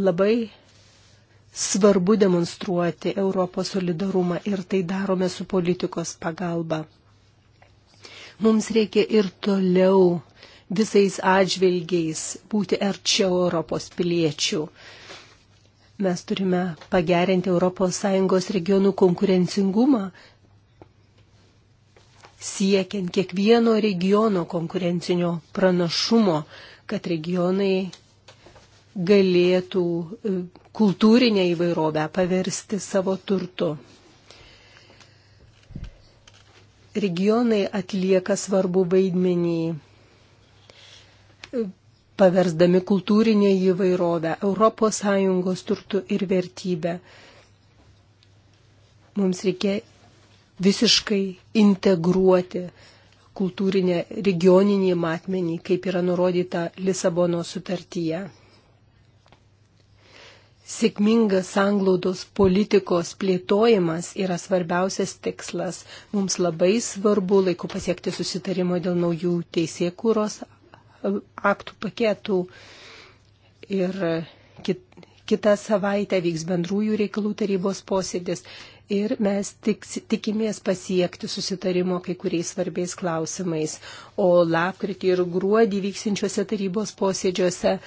Labai svarbu demonstruoti Europos solidarumą ir tai darome su politikos pagalba. Mums reikia ir toliau visais atžvilgiais būti arčiau Europos piliečių. Mes turime pagerinti ES regionų konkurencingumą, siekiant kiekvieno regiono konkurencinio pranašumo, kad regionai galėtų e, kultūrinę įvairovę paversti savo turtu. Regionai atlieka svarbu vaidmenį e, paversdami kultūrinę įvairovę ES turtų ir vertybę. Mums reikia visiškai integruoti kultūrinę regioninį matmenį, kaip yra nurodyta Lisabono sutartyje. Sėkmingas sanglaudos politikos plėtojimas yra svarbiausias tikslas. Mums labai svarbu laiku pasiekti susitarimo dėl naujų teisėkūros aktų paketų. Ir kit, kitą savaitę vyks bendrųjų reikalų tarybos posėdis. Ir mes tik, tikimės pasiekti susitarimo kai kuriais svarbiais klausimais. O lapkritį ir gruodį vyksinčiuose tarybos posėdžiuose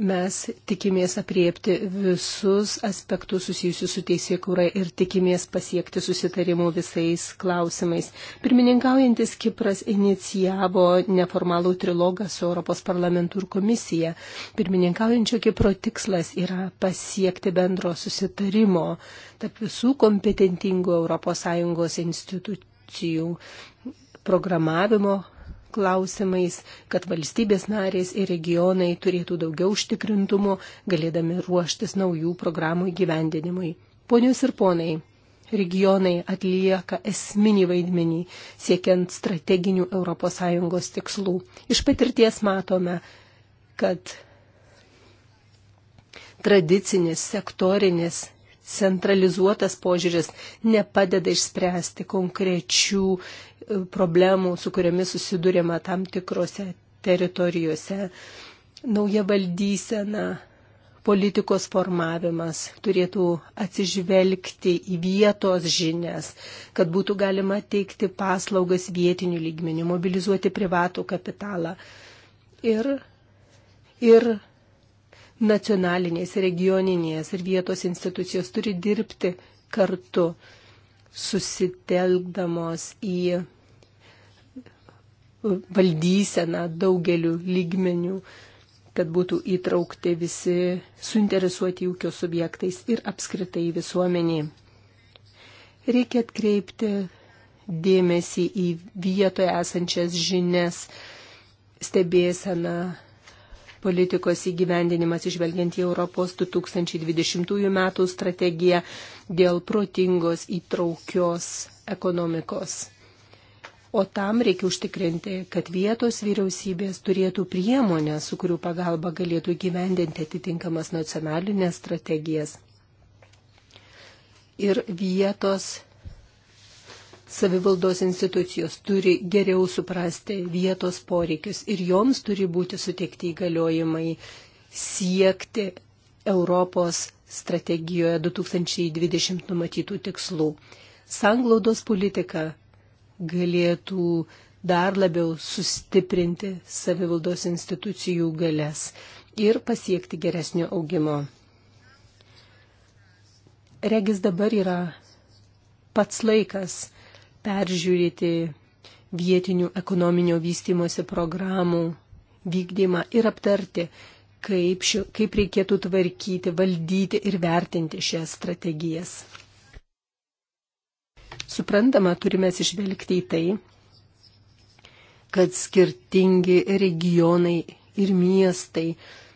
Mes tikimės apriepti visus aspektus susijusius su teisėkūra ir tikimės pasiekti susitarimų visais klausimais. Pirmininkaujantis Kipras inicijavo neformalų trilogą su Europos parlamentu ir komisija. Pirmininkaujančio Kipro tikslas yra pasiekti bendro susitarimo tarp visų kompetentingų ES institucijų programavimo, klausimais, kad valstybės narės ir regionai turėtų daugiau užtikrintumo, galėdami ruoštis naujų programų įgyvendinimui. Ponius ir ponai, regionai atlieka esminį vaidmenį siekiant strateginių ES tikslų. Iš patirties matome, kad tradicinis sektorinis centralizuotas požiūris nepadeda išspręsti konkrečių e, problemų, su kuriamis susidurėma tam tikrose teritorijose. Nauja valdysena, politikos formavimas turėtų atsižvelgti į vietos žinias, kad būtų galima teikti paslaugas vietinių lygmenių, mobilizuoti privatų kapitalą. Ir, ir nacionalinės, regioninės ir vietos institucijos turi dirbti kartu, susitelkdamos į valdyseną daugeliu lygmenių, kad būtų įtraukti visi suinteresuoti ūkio subjektais ir apskritai visuomeniai. Reikia atkreipti dėmesį į vietoje esančias žinias, stebėseną, politikos įgyvendinimas išvelgiant į Europos 2020 metų strategiją dėl protingos įtraukios ekonomikos. O tam reikia užtikrinti, kad vietos vyriausybės turėtų priemonę, su kurių pagalba galėtų gyvendinti atitinkamas nacionalinės strategijas. Ir vietos savivaldos institucijos turi geriau suprasti vietos poreikius ir joms turi būti suteikti įgaliojimai siekti Europos strategijoje 2020 numatytų tikslų. Sanglaudos politika galėtų dar labiau sustiprinti savivaldos institucijų galės ir pasiekti geresnio augimo. Regis dabar yra pats laikas peržiūrėti vietinių ekonominio vystimosi programų vykdymą ir aptarti, kaip, ši, kaip reikėtų tvarkyti, valdyti ir vertinti šias strategijas. Suprantama, turime išvelgti į tai, kad skirtingi regionai ir miestai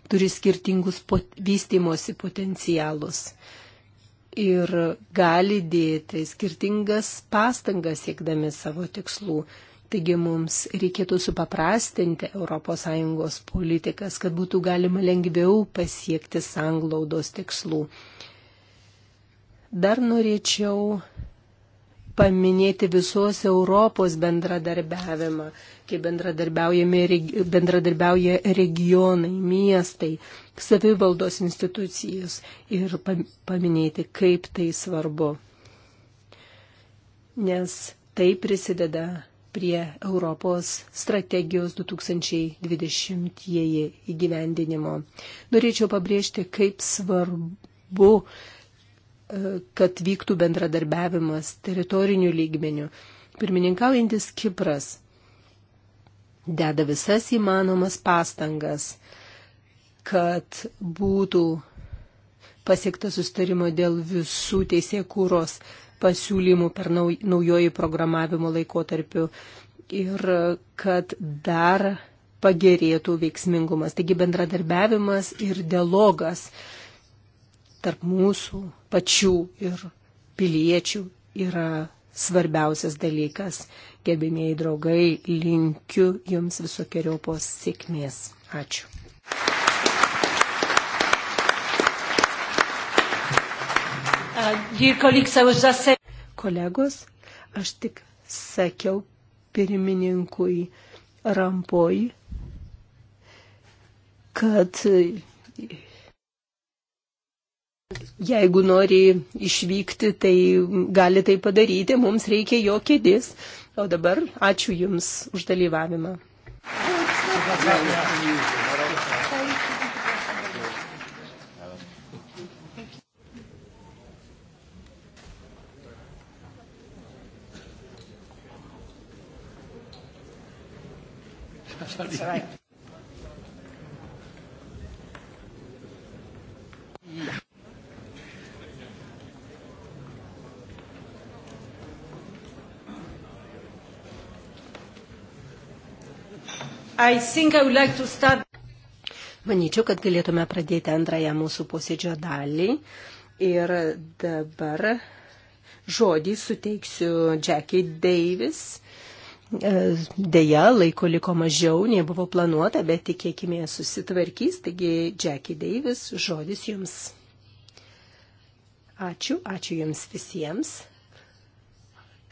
turi skirtingus pot, vystimosi potencialus ir gali dėti skirtingas pastangas siekdami savo tikslų. Taigi mums reikėtų supaprastinti ES politikas, kad būtų galima lengviau pasiekti sanglaudos tikslų. Dar norėčiau paminėti visos Europos bendradarbiavimą, kai bendradarbiauja regionai, miestai, savivaldos institucijas ir paminėti, kaip tai svarbu. Nes tai prisideda prie Europos strategijos 2020 įgyvendinimo. Norėčiau pabrėžti, kaip svarbu kad vyktų bendradarbiavimas teritorinių lygmenių. Pirmininkaujantis Kipras deda visas įmanomas pastangas, kad būtų pasiektas sustarimo dėl visų teisėkūros pasiūlymų per naujoji programavimo laikotarpiu ir kad dar pagerėtų veiksmingumas. Taigi bendradarbiavimas ir dialogas tarp mūsų pačių ir piliečių yra svarbiausias dalykas. Gerbėmiai draugai, linkiu Jums visokiojopos sėkmės. Ačiū. Kolegos, aš tik sakiau pirmininkui Rampoj, kad Jeigu nori išvykti, tai gali tai padaryti, mums reikia jo kėdės. O dabar ačiū Jums už dalyvavimą. That's right. I I like start... Manyčiau, kad galėtume pradėti antrąją mūsų posėdžio dalį. Ir dabar žodį suteiksiu Jackie Davis. E, Deja, laiko liko mažiau, nebuvo planuota, bet tikėkime susitvarkys. Taigi, Jackie Davis, žodis jums. Ačiū, ačiū jums visiems.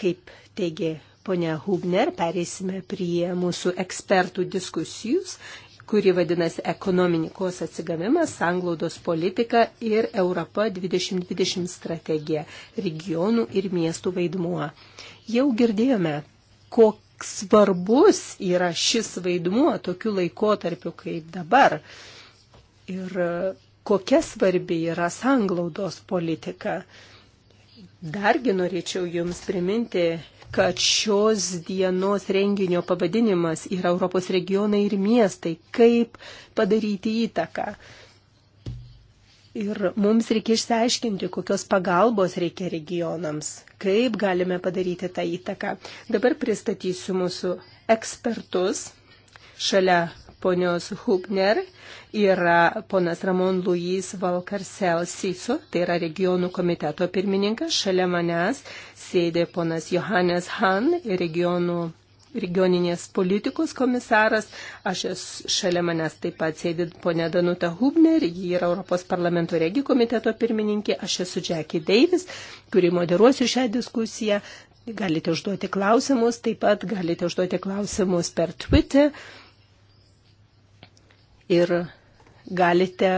Kaip teigia ponia Hubner, pereisime prie mūsų ekspertų diskusijus, kuri vadinasi ekonomikos atsigavimas, sanglaudos politika ir Europa 2020 strategija - regionų ir miestų vaidmuo. Jau girdėjome, koks svarbus yra šis vaidmuo tokiu laikotarpiu kaip dabar ir kokia svarbi yra sanglaudos politika. Dargi norėčiau Jums priminti kad šios dienos renginio pavadinimas yra Europos regionai ir miestai, kaip padaryti įtaką. Ir mums reikia išsiaiškinti, kokios pagalbos reikia regionams, kaip galime padaryti tą įtaką. Dabar pristatysiu mūsų ekspertus. Šalia ponios Hubner yra ponas Ramon Luis Valkarsel Sisu, tai yra regionų komiteto pirmininkas, šalia manęs sėdė ponas Johannes Han, regionų regioninės politikos komisaras. Aš esu šalia manęs taip pat sėdi ponė Danuta Hubner, ji yra Europos parlamento regi komiteto pirmininkė. Aš esu Jackie Davis, kuri moderuosiu šią diskusiją. Galite užduoti klausimus, taip pat galite užduoti klausimus per Twitter ir galite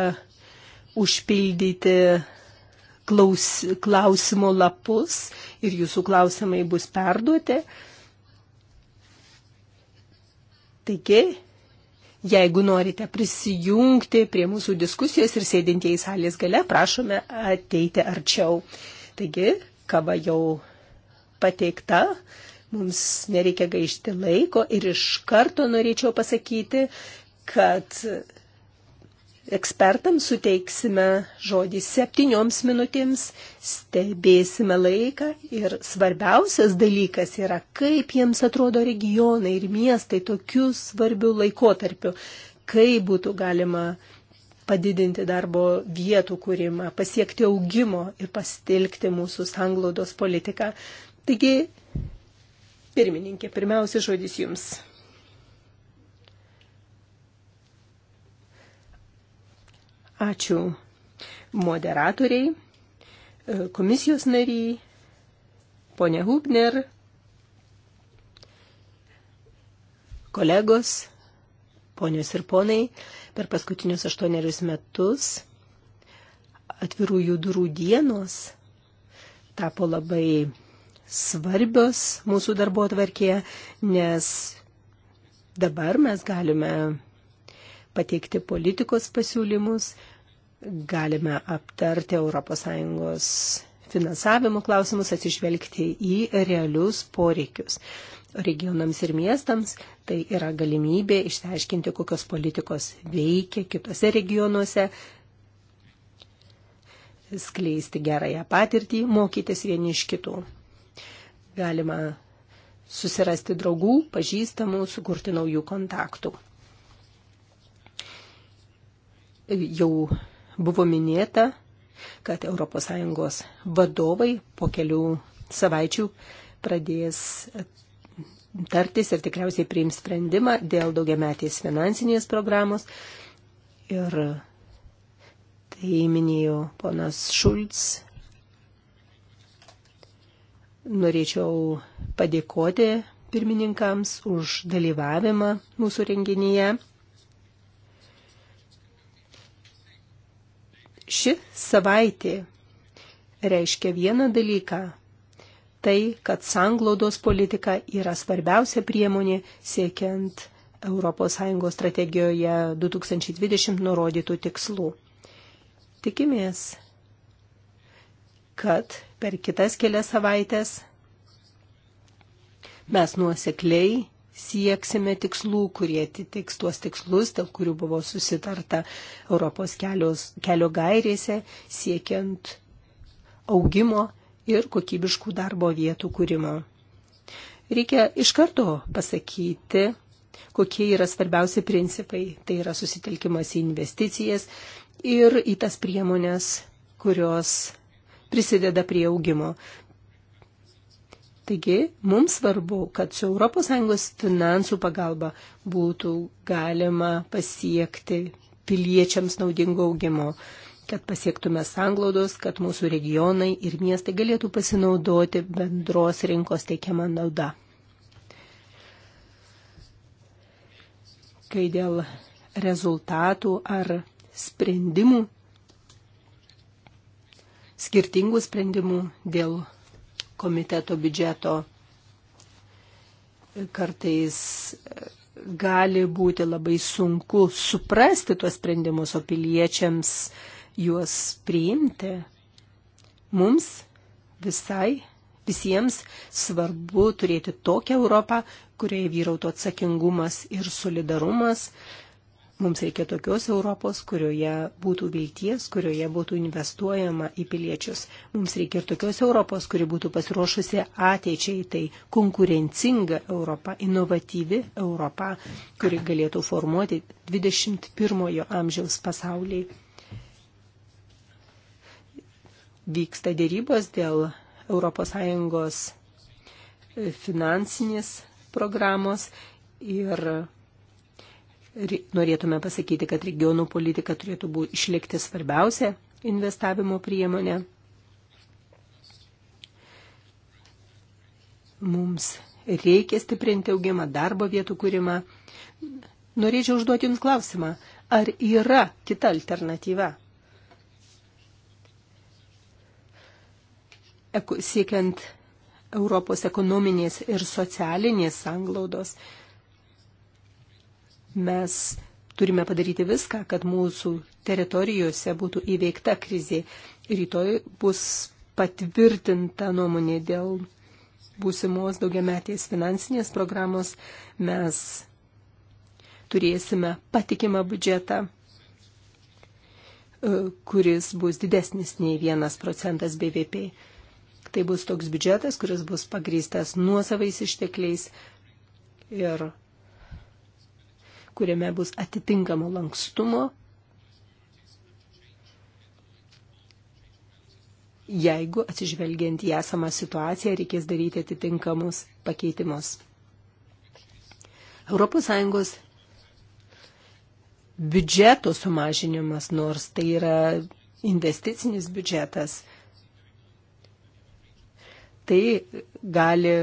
užpildyti klaus, klausimų lapus ir jūsų klausimai bus perduoti. Taigi, jeigu norite prisijungti prie mūsų diskusijos ir sėdintieji salės gale, prašome ateiti arčiau. Taigi, kava jau pateikta, mums nereikia gaišti laiko ir iš karto norėčiau pasakyti, kad ekspertams suteiksime žodį septynioms minutėms, stebėsime laiką ir svarbiausias dalykas yra, kaip jiems atrodo regionai ir miestai tokiu svarbiu laikotarpiu, kaip būtų galima padidinti darbo vietų kūrimą, pasiekti augimo ir pastilgti mūsų sanglaudos politiką. Taigi, pirmininkė, pirmiausia žodis jums. Ačiū moderatoriai, komisijos nariai, ponė Hubner, kolegos, ponios ir ponai, per paskutinius aštuonerius metus atvirųjų durų dienos tapo labai svarbios mūsų darbo atvarkėje, nes dabar mes galime pateikti politikos pasiūlymus, galime aptarti ES finansavimo klausimus, atsižvelgti į realius poreikius. Regionams ir miestams tai yra galimybė išsiaiškinti, kokios politikos veikia kitose regionuose, skleisti gerąją patirtį, mokytis vieni iš kitų. Galima susirasti draugų, pažįstamų, sukurti naujų kontaktų jau buvo minėta, kad ES vadovai po kelių savaičių pradės tartis ir tikriausiai priims sprendimą dėl daugiametės finansinės programos. Ir tai minėjo ponas Šulc. Norėčiau padėkoti pirmininkams už dalyvavimą mūsų renginyje. Ši savaitė reiškia vieną dalyką - tai, kad sanglaudos politika yra svarbiausia priemonė siekiant ES strategijoje 2020 nurodytų tikslų. Tikimės, kad per kitas kelias savaitės mes nuosekliai sieksime tikslų, kurie atitiks tuos tikslus, dėl kurių buvo susitarta Europos kelios, kelio gairėse, siekiant augimo ir kokybiškų darbo vietų kūrimo. Reikia iš karto pasakyti, kokie yra svarbiausi principai. Tai yra susitelkimas į investicijas ir į tas priemonės, kurios prisideda prie augimo. Taigi, mums svarbu, kad su ES finansų pagalba būtų galima pasiekti piliečiams naudingo augimo, kad pasiektume sanglaudos, kad mūsų regionai ir miestai galėtų pasinaudoti bendros rinkos teikiamą naudą. Kai dėl rezultatų ar sprendimų, skirtingų sprendimų dėl komiteto biudžeto kartais gali būti labai sunku suprasti tuos sprendimus, o piliečiams juos priimti. Mums visai, visiems svarbu turėti tokią Europą, kurioje vyrautų atsakingumas ir solidarumas, Mums reikia tokios Europos, kurioje būtų vilties, kurioje būtų investuojama į piliečius. Mums reikia ir tokios Europos, kuri būtų pasiruošusi ateičiai, tai konkurencinga Europa, inovatyvi Europa, kuri galėtų formuoti 21-ojo amžiaus pasauliai. Vyksta dėrybos dėl ES finansinės programos ir norėtume pasakyti, kad regionų politika turėtų būti išlikti svarbiausia investavimo priemonė. Mums reikia stiprinti augimą, darbo vietų kūrimą. Norėčiau užduoti Jums klausimą, ar yra kita alternatyva? Siekiant Europos ekonominės ir socialinės sanglaudos, Mes turime padaryti viską, kad mūsų teritorijose būtų įveikta krizė. Rytoj bus patvirtinta nuomonė dėl būsimos daugiametės finansinės programos. Mes turėsime patikimą biudžetą, e, kuris bus didesnis nei vienas procentas BVP. Tai bus toks biudžetas, kuris bus pagrįstas nuosavais ištekliais ir kuriame bus atitinkamo lankstumo. Jeigu atsižvelgiant į esamą situaciją reikės daryti atitinkamus pakeitimus. ES biudžeto sumažinimas, nors tai yra investicinis biudžetas, tai gali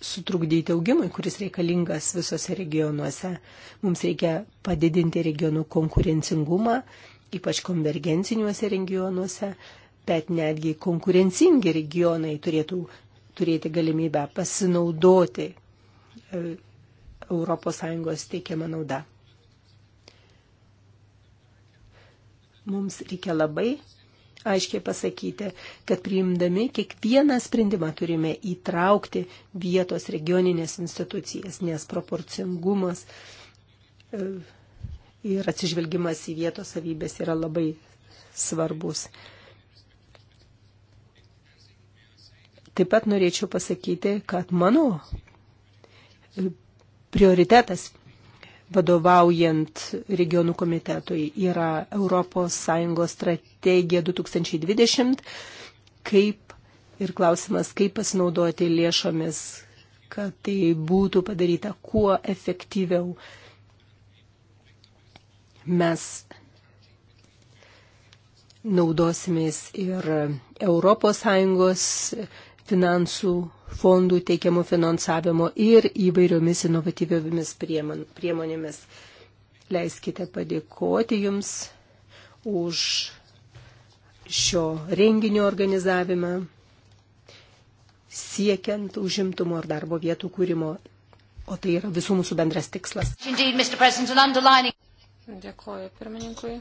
sutrukdyti augimui, kuris reikalingas visose regionuose. Mums reikia padidinti regionų konkurencingumą, ypač konvergenciniuose regionuose, bet netgi konkurencingi regionai turėtų turėti galimybę pasinaudoti ES teikiamą naudą. Mums reikia labai aiškiai pasakyti, kad priimdami kiekvieną sprendimą turime įtraukti vietos regioninės institucijas, nes proporcingumas e, ir atsižvelgimas į vietos savybės yra labai svarbus. Taip pat norėčiau pasakyti, kad mano prioritetas vadovaujant regionų komitetui yra ES strategija 2020, kaip ir klausimas, kaip pasinaudoti lėšomis, kad tai būtų padaryta kuo efektyviau. Mes naudosimės ir ES finansų fondų teikiamų finansavimo ir įvairiomis inovatyviomis priemonėmis. Leiskite padėkoti Jums už šio renginio organizavimą siekiant užimtumo ar darbo vietų kūrimo, o tai yra visų mūsų bendras tikslas. Dėkuoju pirmininkui.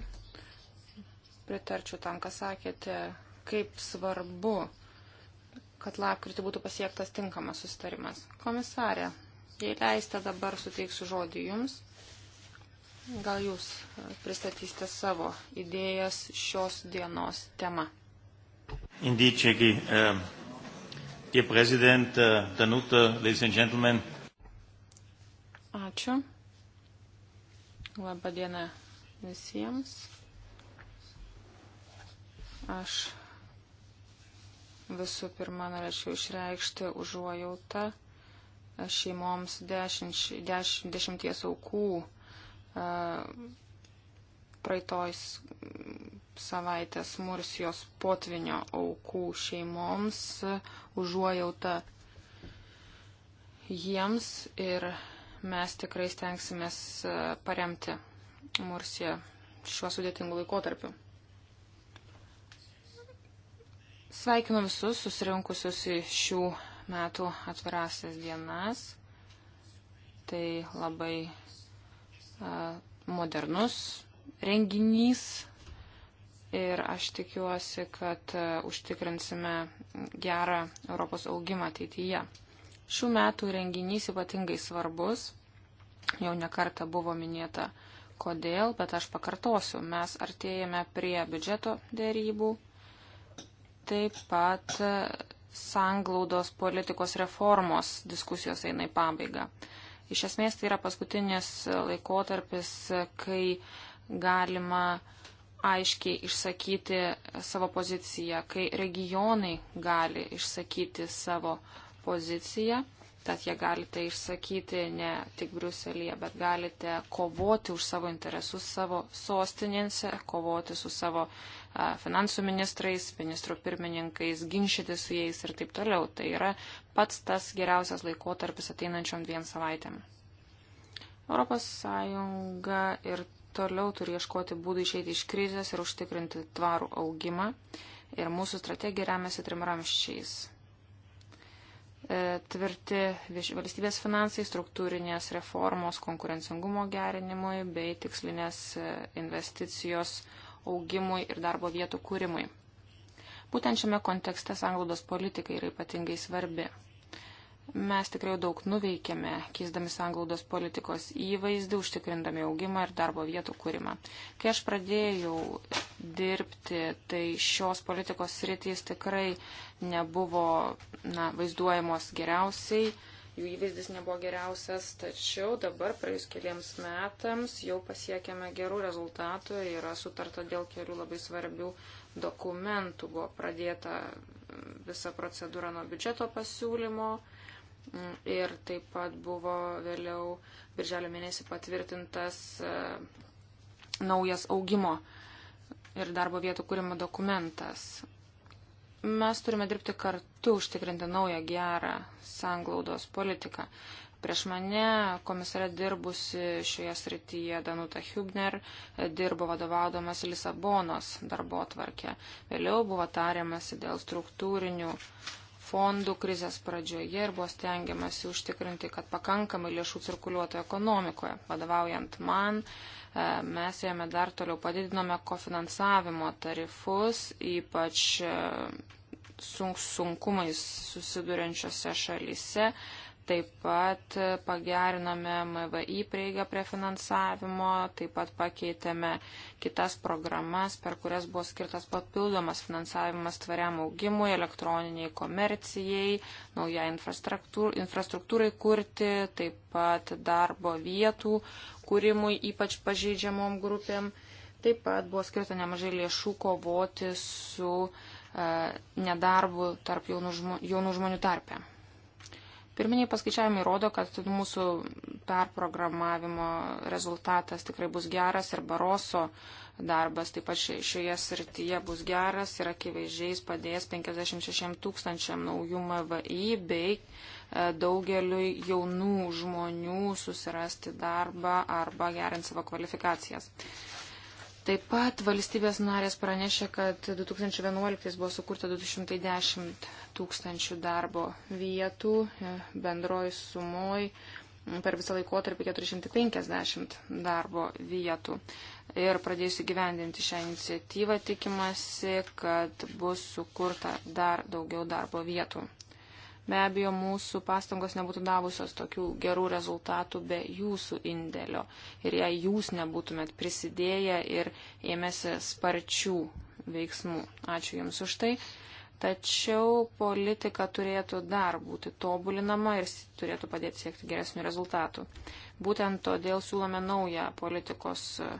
Pritarčiau tam, ką sakėte, kaip svarbu kad lapkritį būtų pasiektas tinkamas sustarimas. Komisarė, jei leiste dabar suteiksiu žodį jums, gal jūs e, pristatysite savo idėjas šios dienos tema. Indeed, Čeki, um, dear President, uh, Danuta, ladies and gentlemen. Ačiū. Labą dieną visiems. Aš Visų pirma, norėčiau išreikšti užuojautą šeimoms dešimt, dešimt, dešimties aukų e, praeitojus savaitės Mursijos potvinio aukų šeimoms užuojautą jiems ir mes tikrai stengsimės e, paremti Mursiją šiuo sudėtingu laikotarpiu. Sveikinu visus susirinkusius į šių metų atvirasias dienas. Tai labai uh, modernus renginys ir aš tikiuosi, kad uh, užtikrinsime gerą Europos augimą ateityje. Šių metų renginys ypatingai svarbus, jau nekarta buvo minėta kodėl, bet aš pakartosiu, mes artėjame prie biudžeto dėrybų Taip pat e, sanglaudos politikos reformos diskusijos eina į pabaigą. Iš esmės tai yra paskutinis laikotarpis, kai galima aiškiai išsakyti savo poziciją, kai regionai gali išsakyti savo poziciją, tad jie galite išsakyti ne tik Bruselėje, bet galite kovoti už savo interesus savo sostinėse, kovoti su savo uh, finansų ministrais, ministrų pirmininkais, ginčyti su jais ir taip toliau. Tai yra pats tas geriausias laikotarpis ateinančiom dviem savaitėm. Europos Sąjunga ir toliau turi ieškoti būdų išeiti iš krizės ir užtikrinti tvarų augimą. Ir mūsų strategija remiasi trim ramščiais e, tvirti valstybės finansai, struktūrinės reformos konkurencingumo gerinimui bei tikslinės e, investicijos augimui ir darbo vietų kūrimui. Būtent šiame kontekste sanglaudos politika yra ypatingai svarbi. Mes tikrai daug nuveikėme, keisdami sanglaudos politikos įvaizdį, užtikrindami augimą ir darbo vietų kūrimą. Kai aš pradėjau dirbti, tai šios politikos sritys tikrai nebuvo na, vaizduojamos geriausiai jų įvaizdis nebuvo geriausias, tačiau dabar praėjus keliams metams jau pasiekėme gerų rezultatų, yra sutarta dėl kelių labai svarbių dokumentų, buvo pradėta mm, visa procedūra nuo biudžeto pasiūlymo mm, ir taip pat buvo vėliau birželio mėnesį patvirtintas e, naujas augimo ir darbo vietų kūrimo dokumentas. Mes turime dirbti kartu, užtikrinti naują gerą sanglaudos politiką. Prieš mane komisare dirbusi šioje srityje Danuta Hübner dirbo vadovaudamas Lisabonos darbo tvarkė. Vėliau buvo tariamasi dėl struktūrinių fondų krizės pradžioje ir buvo stengiamasi užtikrinti, kad pakankamai lėšų cirkuliuotų ekonomikoje. Vadovaujant man, e, mes jame dar toliau padidinome kofinansavimo tarifus, ypač e, sunkumais susiduriančiose šalyse. Taip pat pagerinome MVI prieigą prie finansavimo, taip pat pakeitėme kitas programas, per kurias buvo skirtas papildomas finansavimas tvariam augimui, elektroniniai komercijai, nauja infrastruktūrai, infrastruktūrai kurti, taip pat darbo vietų kūrimui ypač pažeidžiamom grupėm. Taip pat buvo skirta nemažai lėšų kovoti su e, nedarbu tarp jaunų, žmo, jaunų žmonių tarpę. Pirminiai paskaičiavimai rodo, kad mūsų perprogramavimo rezultatas tikrai bus geras ir baroso darbas taip pat šioje srityje bus geras ir akivaizdžiais padės 56 tūkstančiam naujų MVI bei e, daugeliui jaunų žmonių susirasti darbą arba gerinti savo kvalifikacijas. Taip pat valstybės narės pranešė, kad 2011 buvo sukurta 210 tūkstančių darbo vietų, e, bendroji sumoj per visą laikotarpį 450 darbo vietų. Ir pradėjusi gyvendinti šią iniciatyvą tikimasi, kad bus sukurta dar daugiau darbo vietų. Be abejo, mūsų pastangos nebūtų davusios tokių gerų rezultatų be jūsų indėlio. Ir jei jūs nebūtumėt prisidėję ir ėmėsi sparčių veiksmų. Ačiū Jums už tai. Tačiau politika turėtų dar būti tobulinama ir turėtų padėti siekti geresnių rezultatų. Būtent todėl siūlome naują politikos e,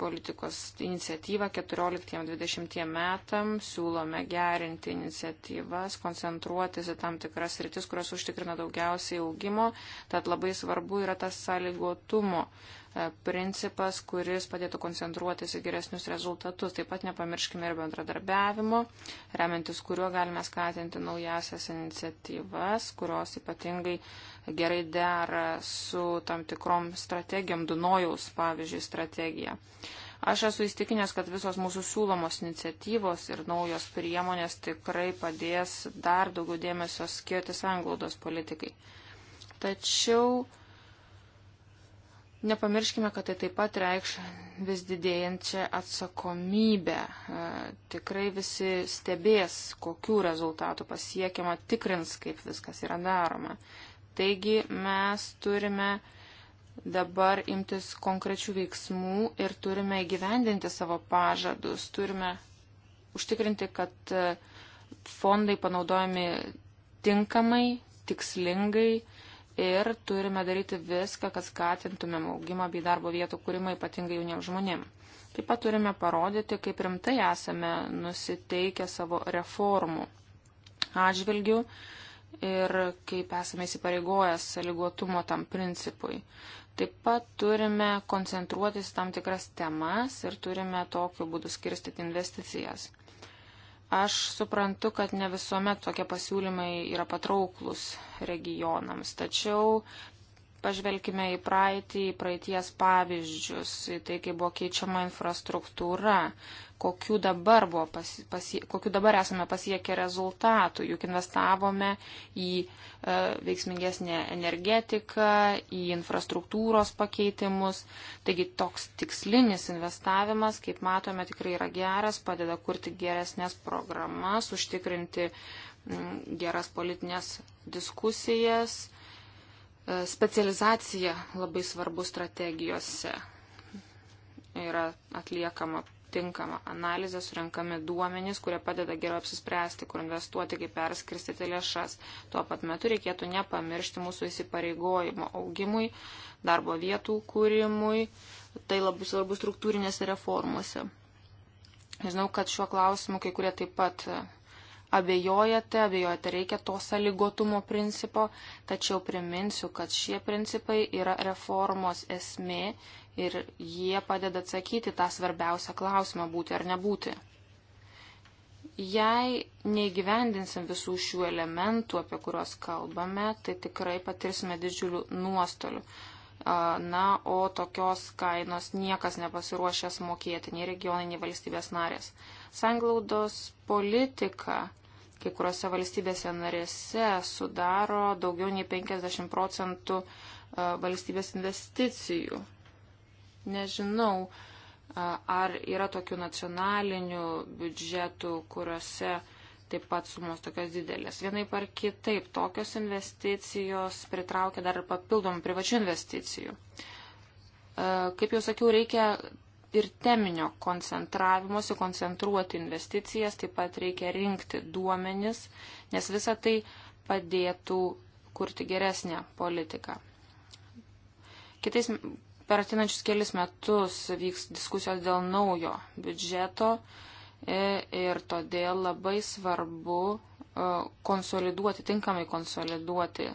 politikos iniciatyvą 14-20 metam. Siūlome gerinti iniciatyvas, koncentruotis į tam tikras rytis, kurios užtikrina daugiausiai augimo. Tad labai svarbu yra tas sąlygotumo e, principas, kuris padėtų koncentruotis į geresnius rezultatus. Taip pat nepamirškime ir bendradarbiavimo, remiantis kuriuo galime skatinti naujasias iniciatyvas, kurios ypatingai gerai dera su tam tikrom strategijom, Dunojaus, pavyzdžiui, strategija. Aš esu įstikinęs, kad visos mūsų siūlomos iniciatyvos ir naujos priemonės tikrai padės dar daugiau dėmesio skirti sanglaudos politikai. Tačiau nepamirškime, kad tai taip pat reikš vis didėjančią atsakomybę. E, tikrai visi stebės, kokių rezultatų pasiekiama, tikrins, kaip viskas yra daroma. Taigi mes turime dabar imtis konkrečių veiksmų ir turime įgyvendinti savo pažadus, turime užtikrinti, kad e, fondai panaudojami tinkamai, tikslingai ir turime daryti viską, kad skatintumėm augimą bei darbo vietų kūrimą ypatingai jauniems žmonėms. Taip pat turime parodyti, kaip rimtai esame nusiteikę savo reformų atžvilgių ir kaip esame įsipareigoję sąlygotumo tam principui. Taip pat turime koncentruotis tam tikras temas ir turime tokiu būdu skirstyti investicijas. Aš suprantu, kad ne visuomet tokie pasiūlymai yra patrauklus regionams, tačiau pažvelkime į praeitį, į praeities pavyzdžius, į tai, kaip buvo keičiama infrastruktūra, kokiu dabar, pasi, pasie, kokiu dabar esame pasiekę rezultatų. Juk investavome į e, veiksmingesnę energetiką, į infrastruktūros pakeitimus. Taigi toks tikslinis investavimas, kaip matome, tikrai yra geras, padeda kurti geresnės programas, užtikrinti m, geras politinės diskusijas. E, specializacija labai svarbu strategijose yra atliekama tinkama analizė, surenkami duomenys, kurie padeda geriau apsispręsti, kur investuoti, kaip perskirstyti lėšas. Tuo pat metu reikėtų nepamiršti mūsų įsipareigojimo augimui, darbo vietų kūrimui, tai labai svarbu struktūrinėse reformuose. Žinau, kad šiuo klausimu kai kurie taip pat e, abejojate, abejojate reikia to sąlygotumo principo, tačiau priminsiu, kad šie principai yra reformos esmė ir jie padeda atsakyti tą svarbiausią klausimą būti ar nebūti. Jei neįgyvendinsim visų šių elementų, apie kuriuos kalbame, tai tikrai patirsime didžiulių nuostolių. Na, o tokios kainos niekas nepasiruošęs mokėti, nei regionai, nei valstybės narės. Sanglaudos politika kai kuriuose valstybėse narėse sudaro daugiau nei 50 procentų valstybės investicijų. Nežinau, ar yra tokių nacionalinių biudžetų, kuriuose taip pat sumos tokios didelės. Vienai par kitaip, tokios investicijos pritraukia dar ir papildomų privačių investicijų. Kaip jau sakiau, reikia ir teminio koncentravimuose, koncentruoti investicijas, taip pat reikia rinkti duomenis, nes visa tai padėtų kurti geresnę politiką. Kitais per atinančius kelis metus vyks diskusijos dėl naujo biudžeto e, ir todėl labai svarbu e, konsoliduoti, tinkamai konsoliduoti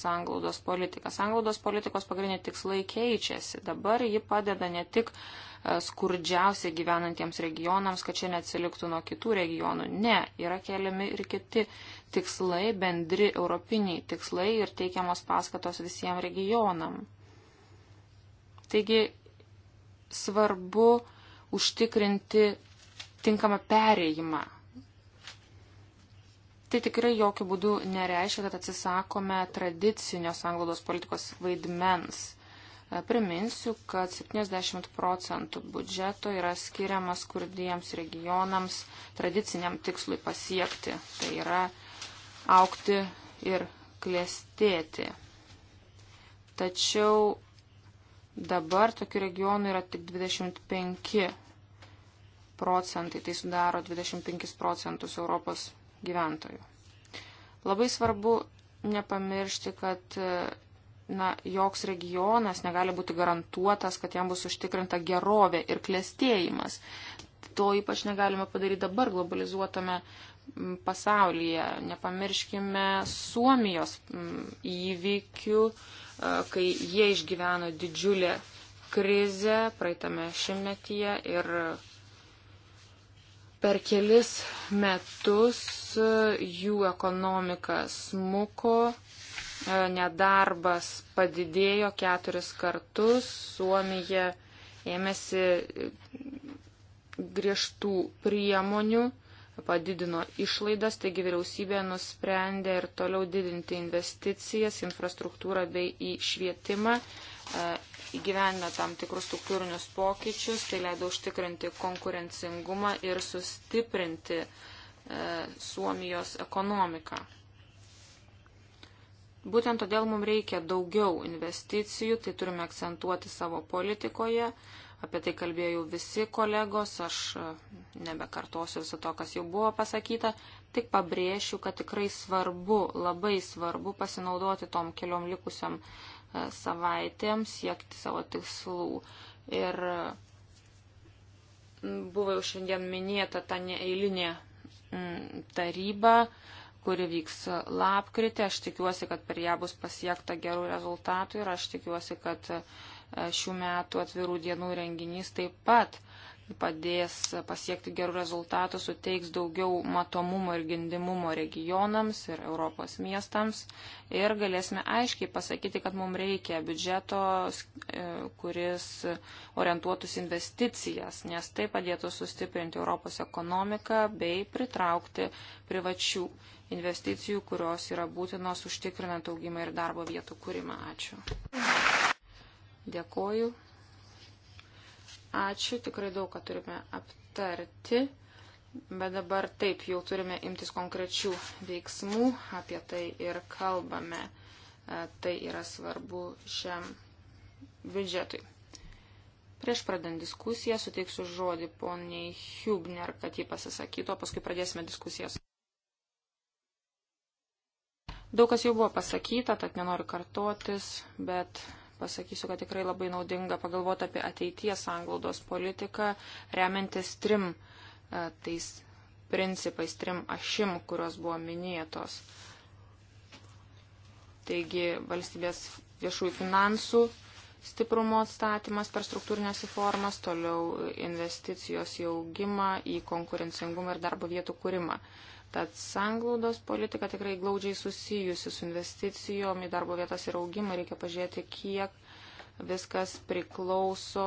sanglaudos politiką. Sanglaudos politikos pagrindiniai tikslai keičiasi. Dabar ji padeda ne tik e, skurdžiausiai gyvenantiems regionams, kad čia neatsiliktų nuo kitų regionų. Ne, yra keliami ir kiti tikslai, bendri europiniai tikslai ir teikiamos paskatos visiems regionam. Taigi svarbu užtikrinti tinkamą pereimą. Tai tikrai jokių būdų nereiškia, kad atsisakome tradicinio sanglaudos politikos vaidmens. Priminsiu, kad 70 procentų biudžeto yra skiriamas skurdiems regionams tradiciniam tikslui pasiekti. Tai yra aukti ir klėstėti. Tačiau Dabar tokių regionų yra tik 25 procentai, tai sudaro 25 procentus Europos gyventojų. Labai svarbu nepamiršti, kad na, joks regionas negali būti garantuotas, kad jam bus užtikrinta gerovė ir klėstėjimas. To ypač negalime padaryti dabar globalizuotame pasaulyje. Nepamirškime Suomijos įvykių, e, kai jie išgyveno didžiulę krizę praeitame šimtmetyje ir per kelis metus e, jų ekonomika smuko, e, nedarbas padidėjo keturis kartus, Suomija ėmėsi griežtų priemonių padidino išlaidas, taigi vyriausybė nusprendė ir toliau didinti investicijas, infrastruktūrą bei į švietimą, e, įgyvenime tam tikrus struktūrinius pokyčius, tai leido užtikrinti konkurencingumą ir sustiprinti e, Suomijos ekonomiką. Būtent todėl mums reikia daugiau investicijų, tai turime akcentuoti savo politikoje, apie tai kalbėjo visi kolegos, aš e, nebekartosiu viso to, kas jau buvo pasakyta, tik pabrėšiu, kad tikrai svarbu, labai svarbu pasinaudoti tom keliom likusiam e, savaitėm, siekti savo tikslų. Ir buvo jau šiandien minėta ta neeilinė taryba, kuri vyks lapkritį. Aš tikiuosi, kad per ją bus pasiekta gerų rezultatų ir aš tikiuosi, kad uh, E, šių metų atvirų dienų renginys taip pat padės pasiekti gerų rezultatų, suteiks daugiau matomumo ir gindimumo regionams ir Europos miestams. Ir galėsime aiškiai pasakyti, kad mums reikia biudžeto, e, kuris orientuotus investicijas, nes tai padėtų sustiprinti Europos ekonomiką bei pritraukti privačių investicijų, kurios yra būtinos užtikrinant augimą ir darbo vietų kūrimą. Ačiū. Dėkoju. Ačiū, tikrai daug, kad turime aptarti, bet dabar taip jau turime imtis konkrečių veiksmų, apie tai ir kalbame. E, tai yra svarbu šiam biudžetui. Prieš pradant diskusiją suteiksiu žodį poniai Hubner, kad jį pasisakytų, o paskui pradėsime diskusijas. Daug kas jau buvo pasakyta, tad nenoriu kartotis, bet pasakysiu, kad tikrai labai naudinga pagalvoti apie ateities anglaudos politiką, remiantis trim e, tais principais, trim ašim, kurios buvo minėtos. Taigi valstybės viešųjų finansų stiprumo atstatymas per struktūrinės reformas, toliau investicijos į augimą, į konkurencingumą ir darbo vietų kūrimą. Uh, Tad sanglaudos politika tikrai glaudžiai susijusi su investicijom į darbo vietas ir augimą. Reikia pažiūrėti, kiek viskas priklauso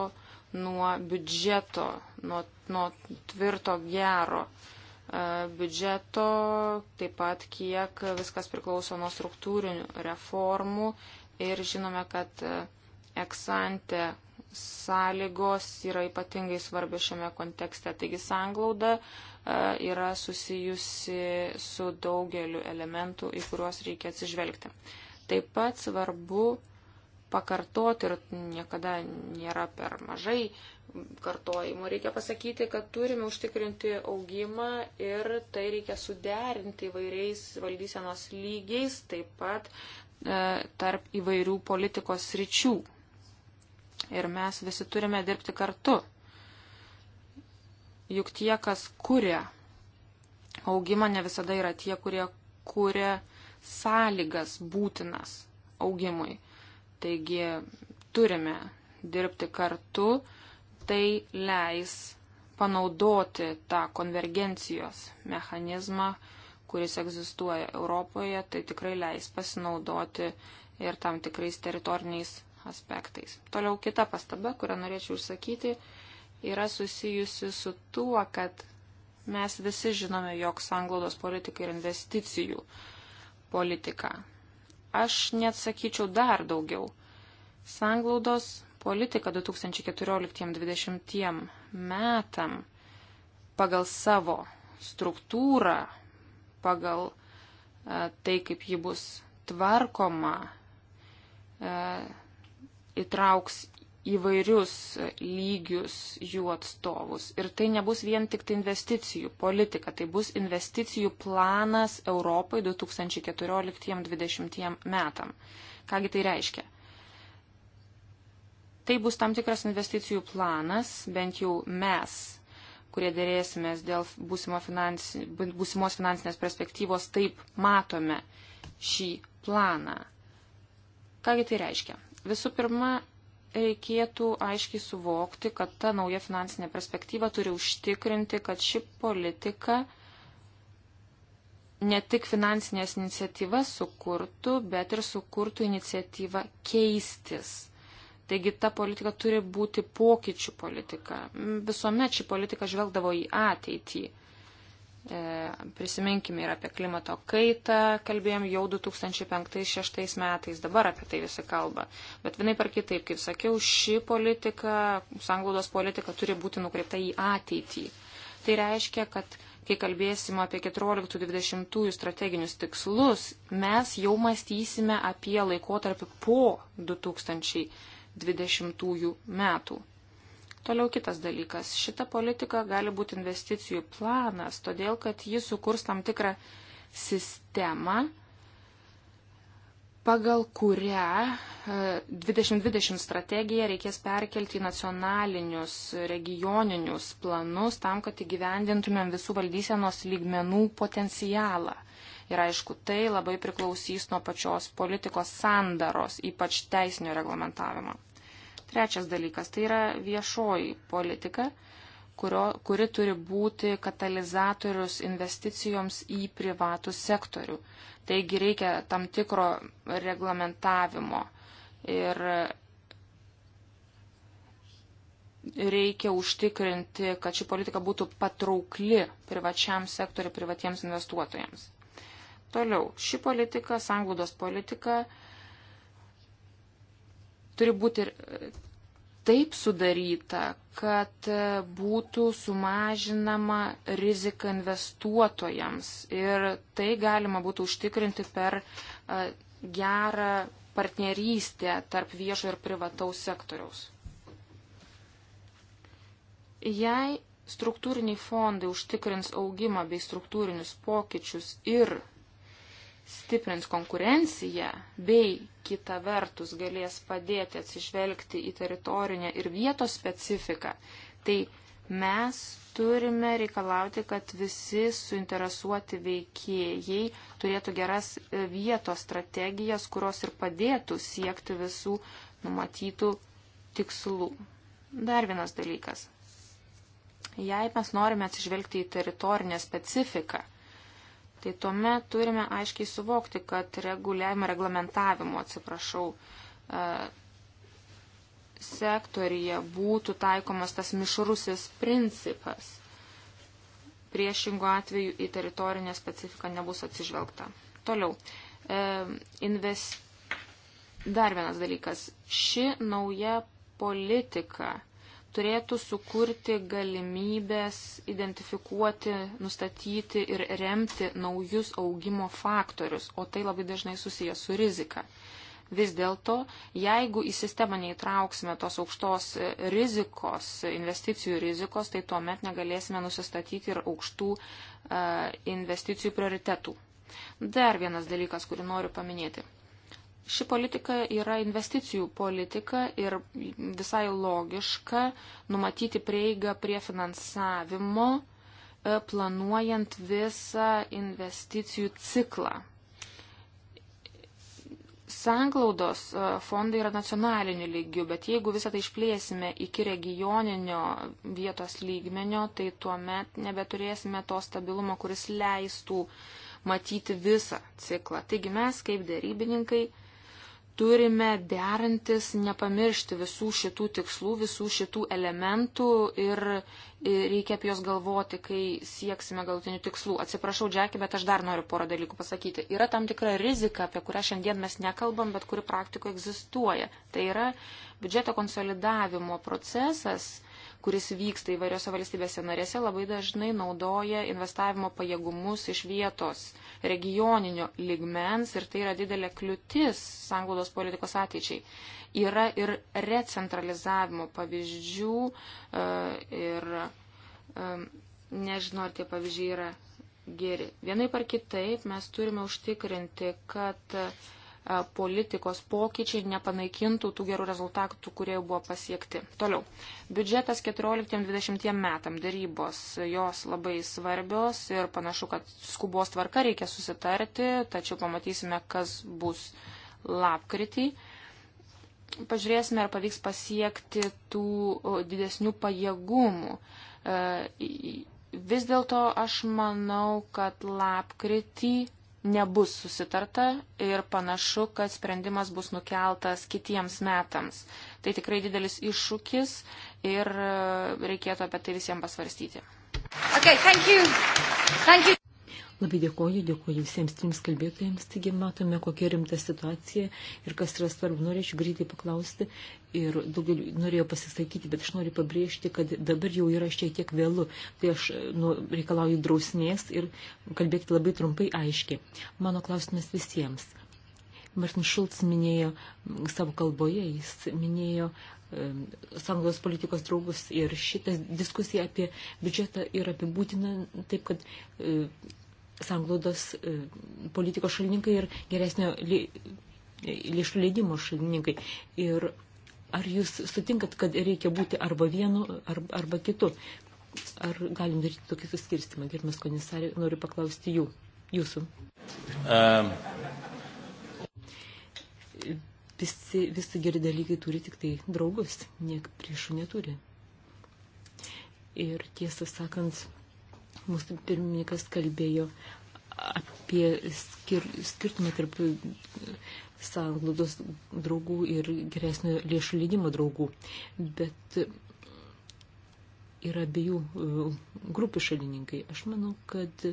nuo biudžeto, nuo, nuo tvirto gero e, biudžeto, taip pat kiek viskas priklauso nuo struktūrinių reformų ir žinome, kad e, eksante sąlygos yra ypatingai svarbi šiame kontekste. Taigi sanglauda uh, yra susijusi su daugeliu elementų, į kuriuos reikia atsižvelgti. Taip pat svarbu pakartoti ir niekada nėra per mažai kartojimų. Reikia pasakyti, kad turime užtikrinti augimą ir tai reikia suderinti įvairiais valdysenos lygiais, taip pat e, tarp įvairių politikos sričių. Ir mes visi turime dirbti kartu. Juk tie, kas kuria augimą, ne visada yra tie, kurie kuria sąlygas būtinas augimui. Taigi turime dirbti kartu, tai leis panaudoti tą konvergencijos mechanizmą, kuris egzistuoja Europoje, tai tikrai leis pasinaudoti ir tam tikrais teritoriniais aspektais. Toliau kita pastaba, kurią norėčiau išsakyti, yra susijusi su tuo, kad mes visi žinome, jog sanglaudos politika ir investicijų politika. Aš net sakyčiau dar daugiau. Sanglaudos politika 2014-2020 metam pagal savo struktūrą, pagal e, tai, kaip ji bus tvarkoma, e, įtrauks įvairius lygius jų atstovus. Ir tai nebus vien tik tai investicijų politika, tai bus investicijų planas Europai 2014-2020 metam. Kągi tai reiškia? Tai bus tam tikras investicijų planas, bent jau mes, kurie dėrėsimės dėl finansi, būsimos finansinės perspektyvos, taip matome šį planą. Kągi tai reiškia? Visų pirma, reikėtų aiškiai suvokti, kad ta nauja finansinė perspektyva turi užtikrinti, kad ši politika ne tik finansinės iniciatyvas sukurtų, bet ir sukurtų iniciatyvą keistis. Taigi ta politika turi būti pokyčių politika. Visuomet ši politika žvelgdavo į ateitį. E, prisiminkime ir apie klimato kaitą, kalbėjom jau 2005-2006 metais, dabar apie tai visi kalba. Bet vienai par kitaip, kaip sakiau, ši politika, sanglaudos politika turi būti nukreipta į ateitį. Tai reiškia, kad kai kalbėsim apie 14-20 strateginius tikslus, mes jau mąstysime apie laikotarpį po 2020 metų. Toliau kitas dalykas. Šita politika gali būti investicijų planas, todėl kad ji sukurs tam tikrą sistemą, pagal kurią 2020 e, strategiją reikės perkelti į nacionalinius, regioninius planus tam, kad įgyvendintumėm visų valdysenos lygmenų potencialą. Ir aišku, tai labai priklausys nuo pačios politikos sandaros, ypač teisinio reglamentavimo. Trečias dalykas - tai yra viešoji politika, kurio, kuri turi būti katalizatorius investicijoms į privatų sektorių. Taigi reikia tam tikro reglamentavimo ir reikia užtikrinti, kad ši politika būtų patraukli privačiam sektoriu, privatiems investuotojams. Toliau, ši politika, sanglaudos politika, turi būti e, taip sudaryta, kad e, būtų sumažinama rizika investuotojams ir tai galima būtų užtikrinti per e, gerą partnerystę tarp viešo ir privataus sektoriaus. Jei struktūriniai fondai užtikrins augimą bei struktūrinius pokyčius ir stiprins konkurenciją bei kita vertus galės padėti atsižvelgti į teritorinę ir vietos specifiką, tai mes turime reikalauti, kad visi suinteresuoti veikėjai turėtų geras e, vietos strategijas, kurios ir padėtų siekti visų numatytų tikslų. Dar vienas dalykas. Jei mes norime atsižvelgti į teritorinę specifiką, tai tuomet turime aiškiai suvokti, kad reguliavimo, reglamentavimo, atsiprašau, e, sektorija būtų taikomas tas mišrusis principas. Priešingų atveju į teritorinę specifiką nebus atsižvelgta. Toliau. E, invest... Dar vienas dalykas. Ši nauja politika turėtų sukurti galimybės identifikuoti, nustatyti ir remti naujus augimo faktorius, o tai labai dažnai susijęs su rizika. Vis dėlto, jeigu į sistemą neįtrauksime tos aukštos rizikos, investicijų rizikos, tai tuomet negalėsime nusistatyti ir aukštų e, investicijų prioritetų. Dar vienas dalykas, kurį noriu paminėti. Ši politika yra investicijų politika ir visai logiška numatyti prieigą prie finansavimo, e, planuojant visą investicijų ciklą. Sanglaudos e, fondai yra nacionaliniu lygiu, bet jeigu visą tai išplėsime iki regioninio vietos lygmenio, tai tuomet nebeturėsime to stabilumo, kuris leistų matyti visą ciklą. Taigi mes, kaip dėrybininkai, turime derantis, nepamiršti visų šitų tikslų, visų šitų elementų ir reikia apie juos galvoti, kai sieksime galutinių tikslų. Atsiprašau, Džekį, bet aš dar noriu porą dalykų pasakyti. Yra tam tikra rizika, apie kurią šiandien mes nekalbam, bet kuri praktikoje egzistuoja. Tai yra biudžeto konsolidavimo procesas kuris vyksta įvairiose valstybėse narėse, labai dažnai naudoja investavimo pajėgumus iš vietos regioninio ligmens ir tai yra didelė kliūtis sanglaudos politikos ateičiai. Yra ir recentralizavimo pavyzdžių e, ir e, nežinau, ar tie pavyzdžiai yra geri. Vienaip ar kitaip mes turime užtikrinti, kad politikos pokyčiai nepanaikintų tų gerų rezultatų, kurie jau buvo pasiekti. Toliau. Biudžetas 14-20 metam darybos, jos labai svarbios ir panašu, kad skubos tvarka reikia susitarti, tačiau pamatysime, kas bus lapkritį. Pažiūrėsime, ar pavyks pasiekti tų didesnių pajėgumų. E, vis dėlto aš manau, kad lapkritį nebus susitarta ir panašu, kad sprendimas bus nukeltas kitiems metams. Tai tikrai didelis iššūkis ir e, reikėtų apie tai visiems pasvarstyti. Okay, thank you. Thank you. Labai dėkoju, dėkoju visiems trims kalbėtojams. Taigi matome, kokia rimta situacija ir kas yra svarbu. Norėčiau greitai paklausti ir daugelį norėjau pasisakyti, bet aš noriu pabrėžti, kad dabar jau yra šiek tiek vėlu. Tai aš nu, reikalauju drausmės ir kalbėti labai trumpai aiškiai. Mano klausimas visiems. Martin Schulz minėjo savo kalboje, jis minėjo e, sąjungos politikos draugus ir šitą diskusiją apie biudžetą yra apibūtina taip, kad e, sanglaudos e, politikos šalininkai ir geresnio li, lėšų leidimo šalininkai. Ir ar jūs sutinkat, kad reikia būti arba vienu, arba, arba kitu? Ar galim daryti tokį suskirstimą? Gerbimas komisarė, noriu paklausti jų, jūsų. Um. Visi, visi geri dalykai turi tik tai draugus, niek priešų neturi. Ir tiesą sakant, Mūsų pirmininkas kalbėjo apie skir skirtumą tarp sąnglaudos draugų ir geresnio lėšų leidimo draugų. Bet yra abiejų e, grupių šalininkai. Aš manau, kad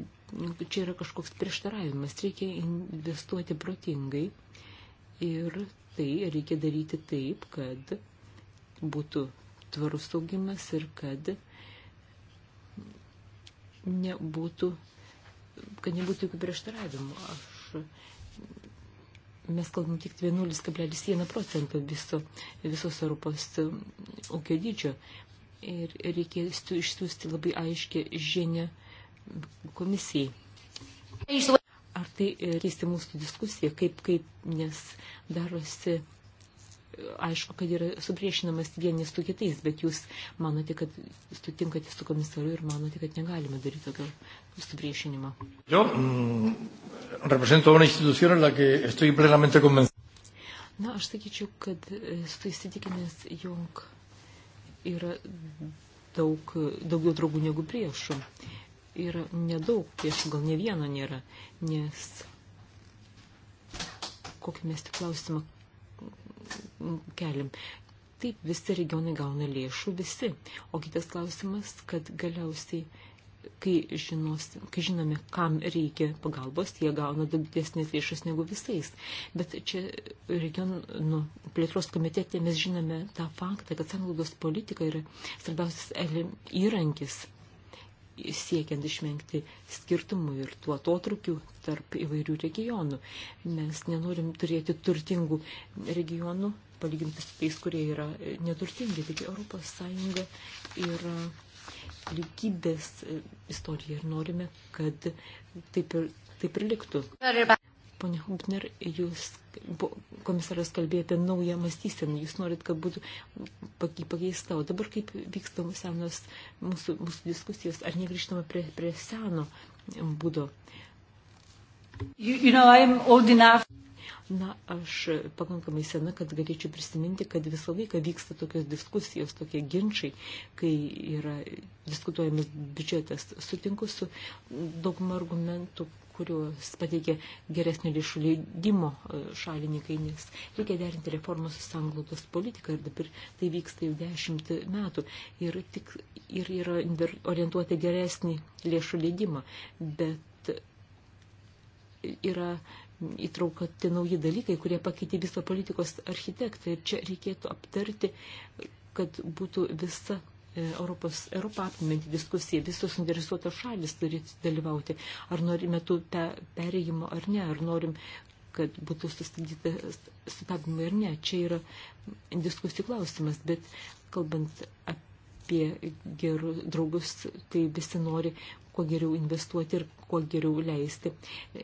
nu, čia yra kažkoks prieštaravimas. Reikia investuoti protingai ir tai reikia daryti taip, kad būtų tvarus augimas ir kad nebūtų, kad nebūtų jokių prieštaravimų. Aš, mes kalbam tik 11,1 procentą viso, visos Europos ūkio dydžio ir reikia išsiųsti labai aiškę žinę komisijai. Ar tai reisti mūsų diskusiją, kaip, kaip, nes darosi aišku, kad yra supriešinamas vieni su kitais, bet jūs manote, kad sutinkate su komisaru ir manote, kad negalime daryti tokio supriešinimo. Yo, mm, Na, aš sakyčiau, kad e, esu įsitikinęs, jog yra daug, daugiau draugų negu priešų. Yra nedaug priešų, gal ne vieno nėra, nes kokį mes tik klausimą keliam. Taip, visi regionai gauna lėšų, visi. O kitas klausimas, kad galiausiai, kai, žinos, kai žinome, kam reikia pagalbos, jie gauna didesnės lėšas negu visais. Bet čia regionų nu, plėtros komitete mes žinome tą faktą, kad sanglaudos politika yra svarbiausias įrankis siekiant išvengti skirtumų ir tų atotrukių tarp įvairių regionų. Mes nenorim turėti turtingų regionų, palyginti su tais, kurie yra neturtingi. Taigi Europos Sąjunga yra lygybės istorija ir norime, kad taip ir, taip ir liktų. Pone Hubner, jūs komisaras kalbėjo apie naują mąstyseną, jūs norit, kad būtų pakeista. O dabar kaip vyksta senos mūsų, mūsų diskusijos, ar negrįžtama prie, prie seno būdo? You, you know, Na, aš pakankamai sena, kad galėčiau prisiminti, kad visą laiką vyksta tokios diskusijos, tokie ginčiai, kai yra diskutuojamas biudžetas. Sutinku su daugumą argumentų, kuriuos pateikė geresnio lėšų leidimo e, šalininkai, nes reikia derinti reformą su sanglaudos politika ir dabar tai vyksta jau dešimt metų ir, tik, ir yra orientuota geresnį lėšų leidimą, bet yra įtraukti nauji dalykai, kurie pakeitė visą politikos architektą ir čia reikėtų aptarti, kad būtų visa E, Europos, Europą apimanti diskusija, visos interesuotos šalis turi dalyvauti, ar norime tų pe, perėjimo ar ne, ar norim, kad būtų sustabdyta stabdymai ar ne. Čia yra diskusijų klausimas, bet kalbant apie gerus draugus, tai visi nori kuo geriau investuoti ir kuo geriau leisti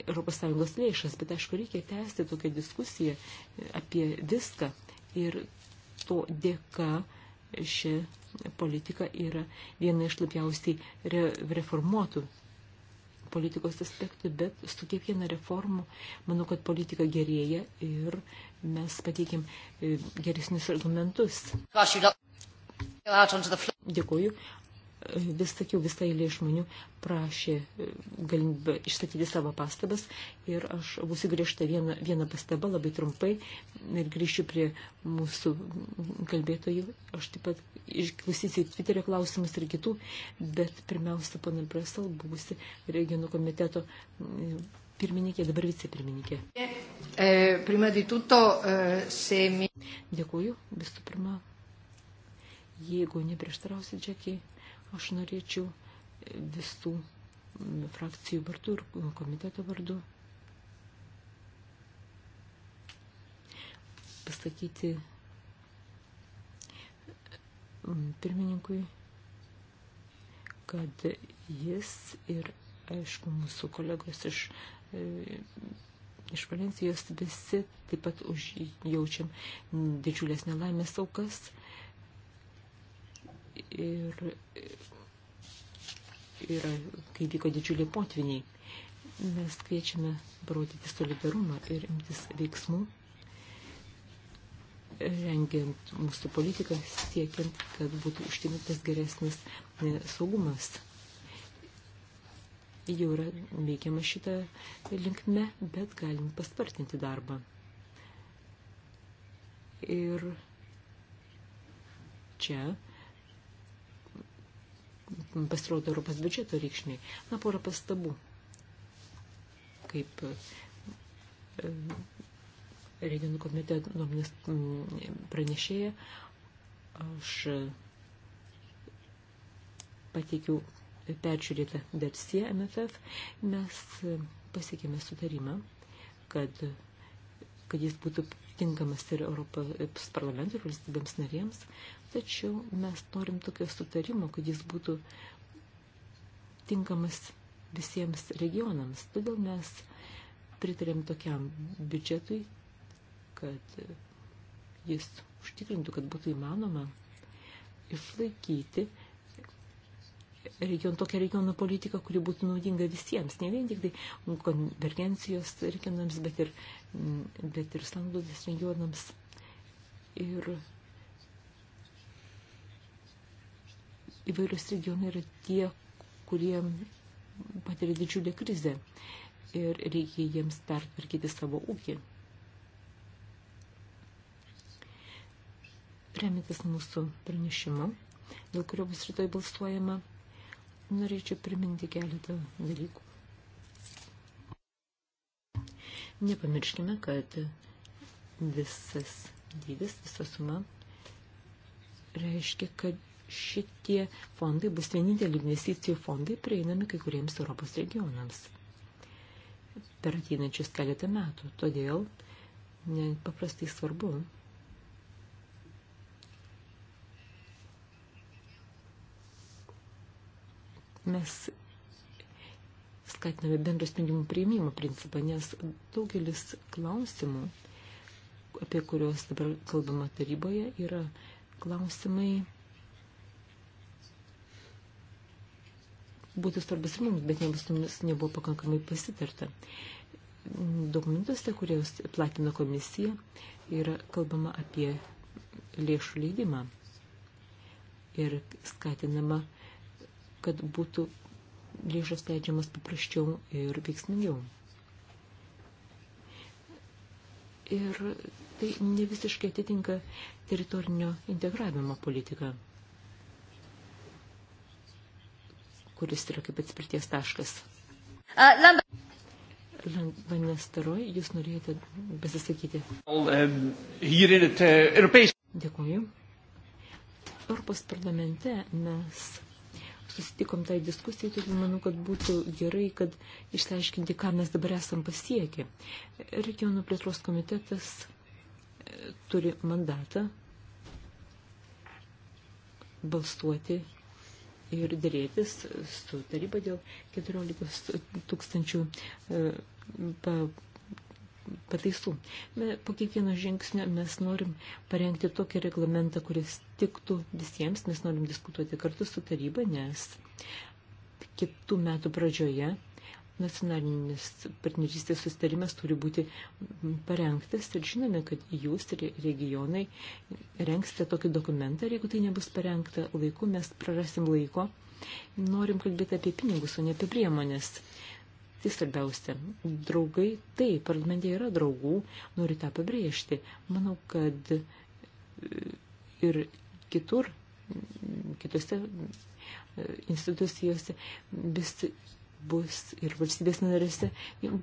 ES lėšas, bet aišku, reikia tęsti tokią diskusiją apie viską ir to dėka šis politika yra viena iš labiausiai re, reformuotų politikos aspektų, bet su kiekviena reformu, manau, kad politika gerėja ir mes pateikim e, geresnius argumentus. Dėkuoju, vis sakiau, visai eilė žmonių prašė e, galimybę išsakyti savo pastabas ir aš būsiu griežta vieną, vieną pastabą labai trumpai ir grįšiu prie mūsų kalbėtojų. Aš taip pat išklausysiu Twitterio klausimus ir kitų, bet pirmiausia, pana Bresal, buvusi regionų komiteto pirmininkė, dabar vicepirmininkė. E, e, Dėkuoju visų pirma. Jeigu neprieštarausit, Džekiai Aš norėčiau visų frakcijų vardu ir komiteto vardu pasakyti mm, pirmininkui, kad jis ir, aišku, mūsų kolegos iš, e, iš Valencijos visi taip pat užjaučiam didžiulės nelaimės aukas ir, ir kai vyko didžiuliai potviniai. Mes kviečiame parodyti solidarumą ir imtis veiksmų, rengiant mūsų politiką, siekiant, kad būtų užtimintas geresnis saugumas jau yra veikiama šitą linkme, bet galim paspartinti darbą. Ir čia pasirodo Europos biudžeto reikšmė. Na, porą pastabų, kaip e, regionų komiteto nuomonės pranešėja, aš pateikiau peržiūrėtą versiją MFF, mes pasiekėme sutarimą, kad, kad jis būtų tinkamas ir Europos parlamentui, ir valstybėms narėms, tačiau mes norim tokio sutarimo, kad jis būtų tinkamas visiems regionams. Todėl mes pritarėm tokiam biudžetui, kad jis užtikrintų, kad būtų įmanoma išlaikyti region, tokią regionų politiką, kuri būtų naudinga visiems, ne vien tik tai konvergencijos regionams, bet ir, mm, bet ir sanglodės regionams. Ir įvairius regionai yra tie, kurie patiria didžiulę krizę ir reikia jiems pertvarkyti savo ūkį. Remintis mūsų pranešimu, dėl kurio bus rytoj balsuojama, Norėčiau priminti keletą dalykų. Nepamirškime, kad visas dydis, visa suma reiškia, kad šitie fondai bus vieninteliai investicijų fondai prieinami kai kuriems Europos regionams per ateinančius keletą metų. Todėl paprastai svarbu mes skatiname bendro sprendimų prieimimo principą, nes daugelis klausimų, apie kuriuos dabar kalbama taryboje, yra klausimai būtų svarbus ir mums, bet jiems nebuvo pakankamai pasitarta. Dokumentuose, kuriuos platino komisija, yra kalbama apie lėšų leidimą ir skatinama uh, kad būtų lėšos leidžiamas paprasčiau ir veiksmingiau. Ir tai ne visiškai atitinka teritorinio integravimo politiką, kuris yra kaip atspirties taškas. Lannestaroj, jūs norėjote besisakyti. Ehm, eh, Dėkuoju. Europos parlamente mes susitikom tai diskusijai, todėl manau, kad būtų gerai, kad išsiaiškinti, ką mes dabar esam pasiekę. Regionų plėtros komitetas e, turi mandatą balsuoti ir dėrėtis su taryba dėl 14 tūkstančių e, pataisų. Po kiekvieno žingsnio mes norim parengti tokį reglamentą, kuris tiktų visiems, mes norim diskutuoti kartu su taryba, nes kitų metų pradžioje nacionalinis partnerystės sustarimas turi būti parengtas ir žinome, kad jūs regionai rengsite tokį dokumentą ir jeigu tai nebus parengta laiku, mes prarasim laiko. Norim kalbėti apie pinigus, o ne apie priemonės. Tai svarbiausia, draugai, tai parlamente yra draugų, noriu tą pabrėžti. Manau, kad e, ir kitur, kitose e, institucijose vis bus ir valstybės narėse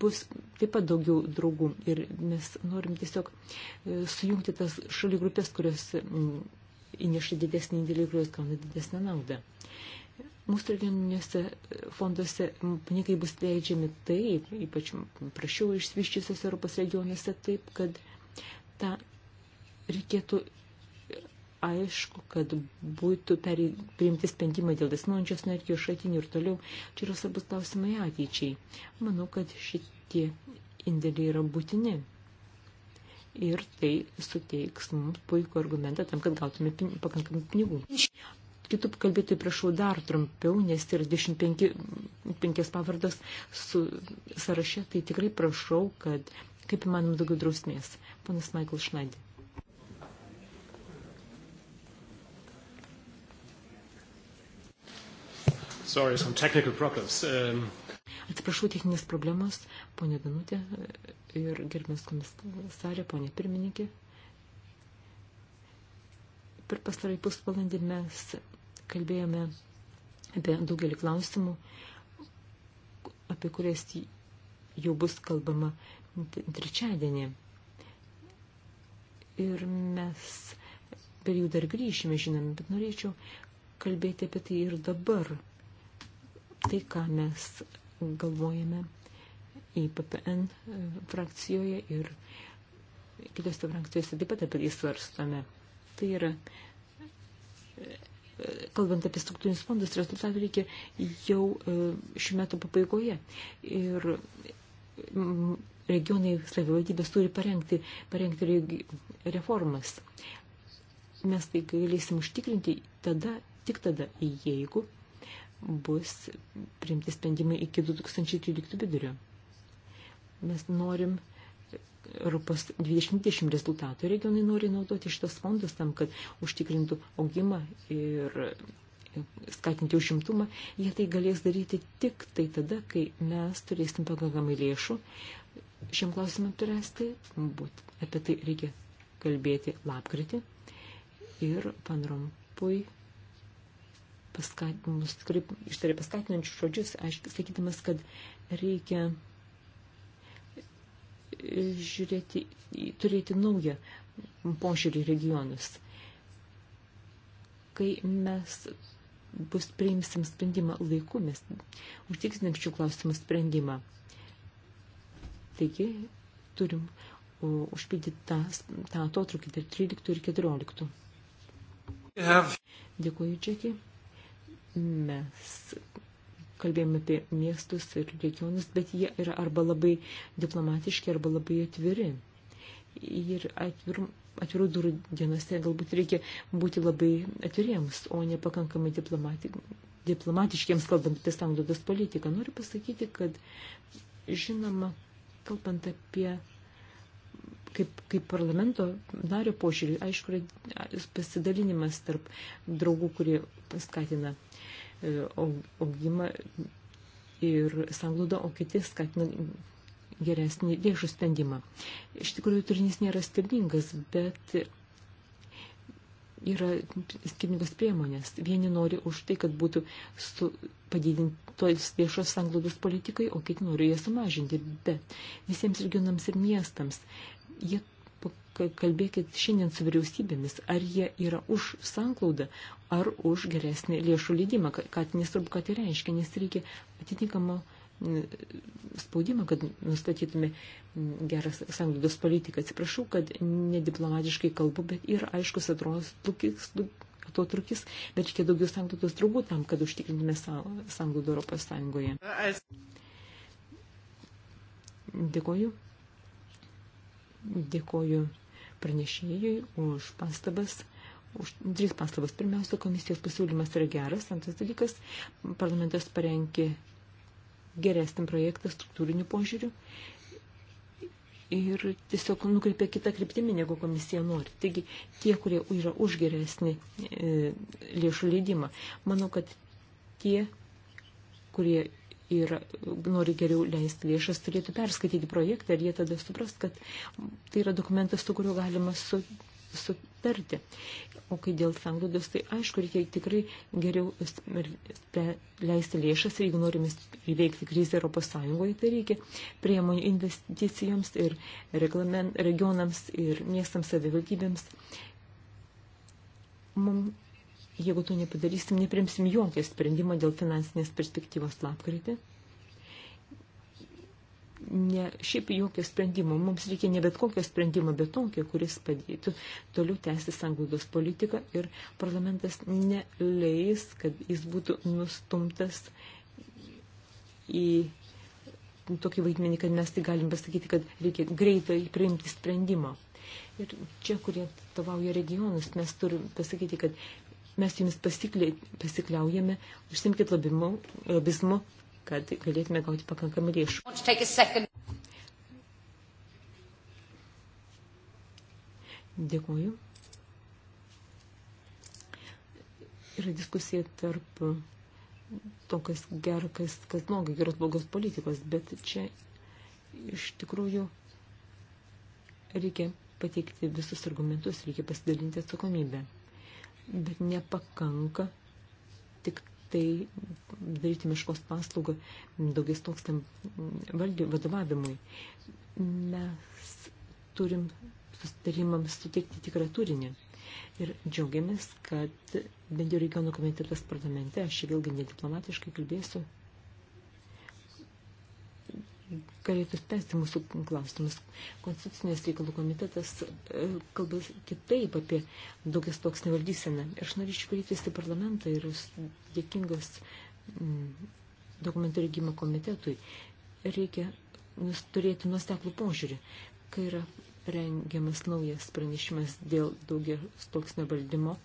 bus taip pat daugiau draugų. Ir mes norim tiesiog e, sujungti tas šalių grupės, kurios mm, įneša didesnį indėlį, kurios gauna didesnę naudą. Mūsų regioninėse fonduose pinigai bus leidžiami taip, ypač prašiau išsviščiusios Europos regionuose taip, kad tą reikėtų aišku, kad būtų priimti sprendimai dėl desnuojančios energijos šaltinių ir toliau. Čia yra svarbus klausimai ateičiai. Manau, kad šitie indėliai yra būtini. Ir tai suteiks mums puikų argumentą tam, kad gautume pin pakankamai pinigų kitų kalbėti prašau dar trumpiau, nes tai yra 25 pavardas su sąraše, tai tikrai prašau, kad kaip įmanom daugiau drausmės. Ponas Michael Šnaidė. Sorry, some technical problems. Um... Atsiprašau, techninės problemos, ponė Danutė ir gerbės komisarė, ponė pirmininkė. Per pastarąjį pusvalandį mes kalbėjome apie daugelį klausimų, apie kurias jau bus kalbama trečiadienį. Ir mes per jų dar grįšime, žinome, bet norėčiau kalbėti apie tai ir dabar. Tai, ką mes galvojame į PPN frakcijoje ir kitose frakcijose taip pat apie tai svarstome. Tai yra kalbant apie struktūrinius fondus, rezultatų reikia jau e, šių metų pabaigoje. Ir mm, regionai savivaldybės turi parengti, parengti regi, reformas. Mes tai galėsim užtikrinti tada, tik tada, jeigu bus priimti sprendimai iki 2013 vidurio. Mes norim Europos 2020 rezultatų. Regionai nori naudoti šitos fondus tam, kad užtikrintų augimą ir skatinti užimtumą. Jie tai galės daryti tik tai tada, kai mes turėsim pakankamai lėšų šiam klausimam turėsti. Būt. Apie tai reikia kalbėti lapkritį. Ir panrompui paskatinimus, tikrai ištarė paskatinančius žodžius, aiškiai sakydamas, kad reikia žiūrėti, turėti naują požiūrį regionus. Kai mes bus priimsim sprendimą laiku, mes užtiksim šių klausimų sprendimą. Taigi turim užpildyti tą, tą atotrukį tarp 13 ir 14. Yeah. Dėkuoju, Džeki. Mes kalbėjome apie miestus ir regionus, bet jie yra arba labai diplomatiški, arba labai atviri. Ir atvirų, atvirų durų dienose galbūt reikia būti labai atviriems, o ne pakankamai diplomati, diplomatiškiams, kalbant apie sanglodos politiką. Noriu pasakyti, kad žinoma, kalbant apie kaip, kaip parlamento nario požiūrį, aišku, yra pasidalinimas tarp draugų, kurie paskatina uh, augimą ir sanglaudą, o kiti skatina geresnį lėšų spendimą. Iš tikrųjų, turinys nėra skirtingas, bet yra skirtingos priemonės. Vieni nori už tai, kad būtų padidintos lėšos sanglaudos politikai, o kiti nori jas sumažinti. Bet visiems regionams ir miestams jie kalbėkit šiandien su vyriausybėmis, ar jie yra už sanklaudą, ar už geresnį lėšų leidimą, kad nesvarbu, ką tai reiškia, nes reikia atitinkamą spaudimą, kad nustatytume geras sanglaudos politiką. Atsiprašau, kad nediplomatiškai kalbu, bet yra aiškus atroslukis, atotrukis, bet reikia daugiau sanglaudos draugų tam, kad užtikrintume sanglaudą Europos Sąjungoje. Dėkoju. Dėkoju pranešėjui už pastabas. Už tris pastabas. Pirmiausia, komisijos pasiūlymas yra geras. Antras dalykas, parlamentas parengė geresnį projektą struktūriniu požiūriu ir tiesiog nukreipia kitą kryptimį, negu komisija nori. Taigi tie, kurie yra už geresnį e, lėšų leidimą, manau, kad tie, kurie ir nori geriau leisti lėšas, turėtų perskaityti projektą ir jie tada suprast, kad tai yra dokumentas, su kuriuo galima su, sutarti. O kai dėl sanglaudos, tai aišku, reikia tikrai geriau leisti lėšas ir jeigu norime įveikti krizę Europos Sąjungoje, tai reikia priemonių investicijoms ir reglament, regionams ir miestams savivaldybėms. Mums Jeigu to nepadarysim, neprimsim jokio sprendimo dėl finansinės perspektyvos lapkritį. Ne šiaip jokio sprendimo. Mums reikia ne bet kokio sprendimo, bet tokio, kuris padėtų toliau tęsti sanglaudos politiką ir parlamentas neleis, kad jis būtų nustumtas į tokį vaidmenį, kad mes tai galim pasakyti, kad reikia greitai priimti sprendimą. Ir čia, kurie atstovauja regionus, mes turim pasakyti, kad mes jums pasikliaujame, užsimkit lobimu, lobizmu, kad galėtume gauti pakankamai lėšų. Dėkuoju. Yra diskusija tarp to, kas gera, kas, kas blogai, geros blogos politikos, bet čia iš tikrųjų reikia pateikti visus argumentus, reikia pasidalinti atsakomybę bet nepakanka tik tai daryti miškos paslaugą daugiais tokstam vadovavimui. Mes turim sustarimams suteikti tikrą turinį. Ir džiaugiamės, kad bent jau regionų komitetas parlamente, aš vėlgi nediplomatiškai kalbėsiu, galėtų spręsti mūsų klausimus. Konstitucinės reikalų komitetas e, kalba kitaip apie daugias toks nevaldyseną. Ir aš norėčiau kreiptis į parlamentą ir dėkingas dokumentų regimo komitetui. Reikia turėti nuosteklų požiūrį, kai yra rengiamas naujas pranešimas dėl daugia stoksnio valdymo.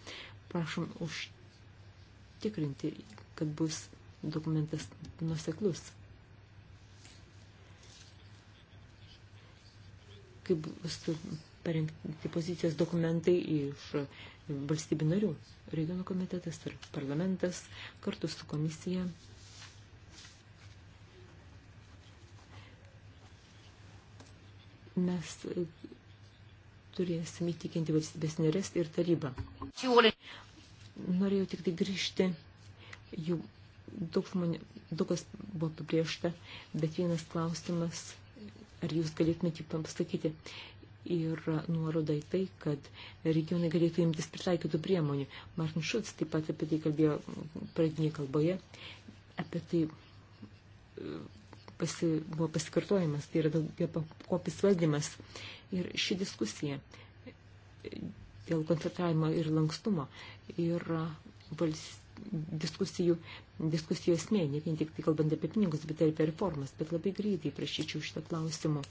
Prašom užtikrinti, kad bus dokumentas nuoseklus kaip bus parengti pozicijos dokumentai iš valstybių narių, regionų komitetas ir parlamentas kartu su komisija. Mes turėsim įtikinti valstybės narės ir tarybą. Norėjau tik tai grįžti, jų daug žmonių, daug kas buvo pabrėžta, bet vienas klausimas – Ar jūs galėtumėte pasakyti? Ir nuoroda į tai, kad regionai galėtų imtis pritaikytų priemonių. Martin Schulz taip pat apie tai kalbėjo pradinėje kalboje. Apie tai e, pasi, buvo pasikartojimas, tai yra daugia pakopis valdymas. Ir ši diskusija e, dėl koncentravimo ir lankstumo yra valstybės diskusijų, diskusijų esmė, ne vien tik tai kalbant apie pinigus, bet ir apie reformas, bet labai greitai prašyčiau šitą klausimą.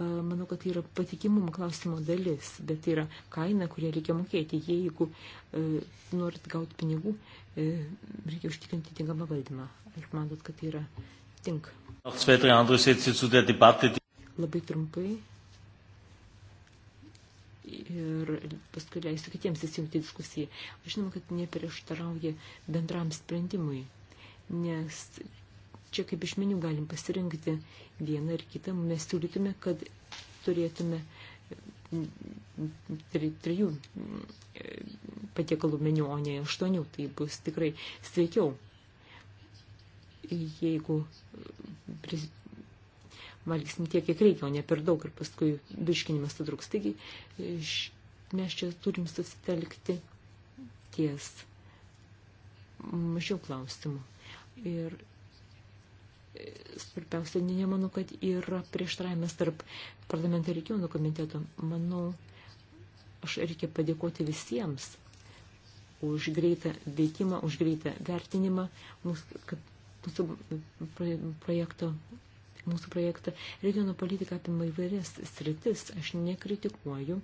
Manau, kad tai yra patikimumo klausimo dalis, bet tai yra kaina, kurią reikia mokėti. Jeigu e, norit gauti pinigų, e, reikia užtikrinti tinkamą valdymą. Ar manot, kad tai yra tinka? Labai trumpai ir paskui leisiu kitiems įsijungti diskusiją. Aš žinau, kad neprieštarauja bendram sprendimui, nes čia kaip iš menių galim pasirinkti vieną ar kitą. Mes siūlytume, kad turėtume mm, tri, trijų mm, patiekalų meniu, o ne aštuonių. Tai bus tikrai sveikiau. Jeigu valgysim tiek, kiek reikia, o ne per daug ir paskui virškinimas sudruks. Taigi mes čia turim susitelkti ties mažiau klausimų. Ir e, svarbiausia, nemanau, kad yra prieštaravimas tarp parlamento regionų komiteto. Manau, aš reikia padėkoti visiems už greitą veikimą, už greitą vertinimą, mūsų, kad mūsų projekto mūsų projektą. Regionų politika apima įvairias sritis, aš nekritikuoju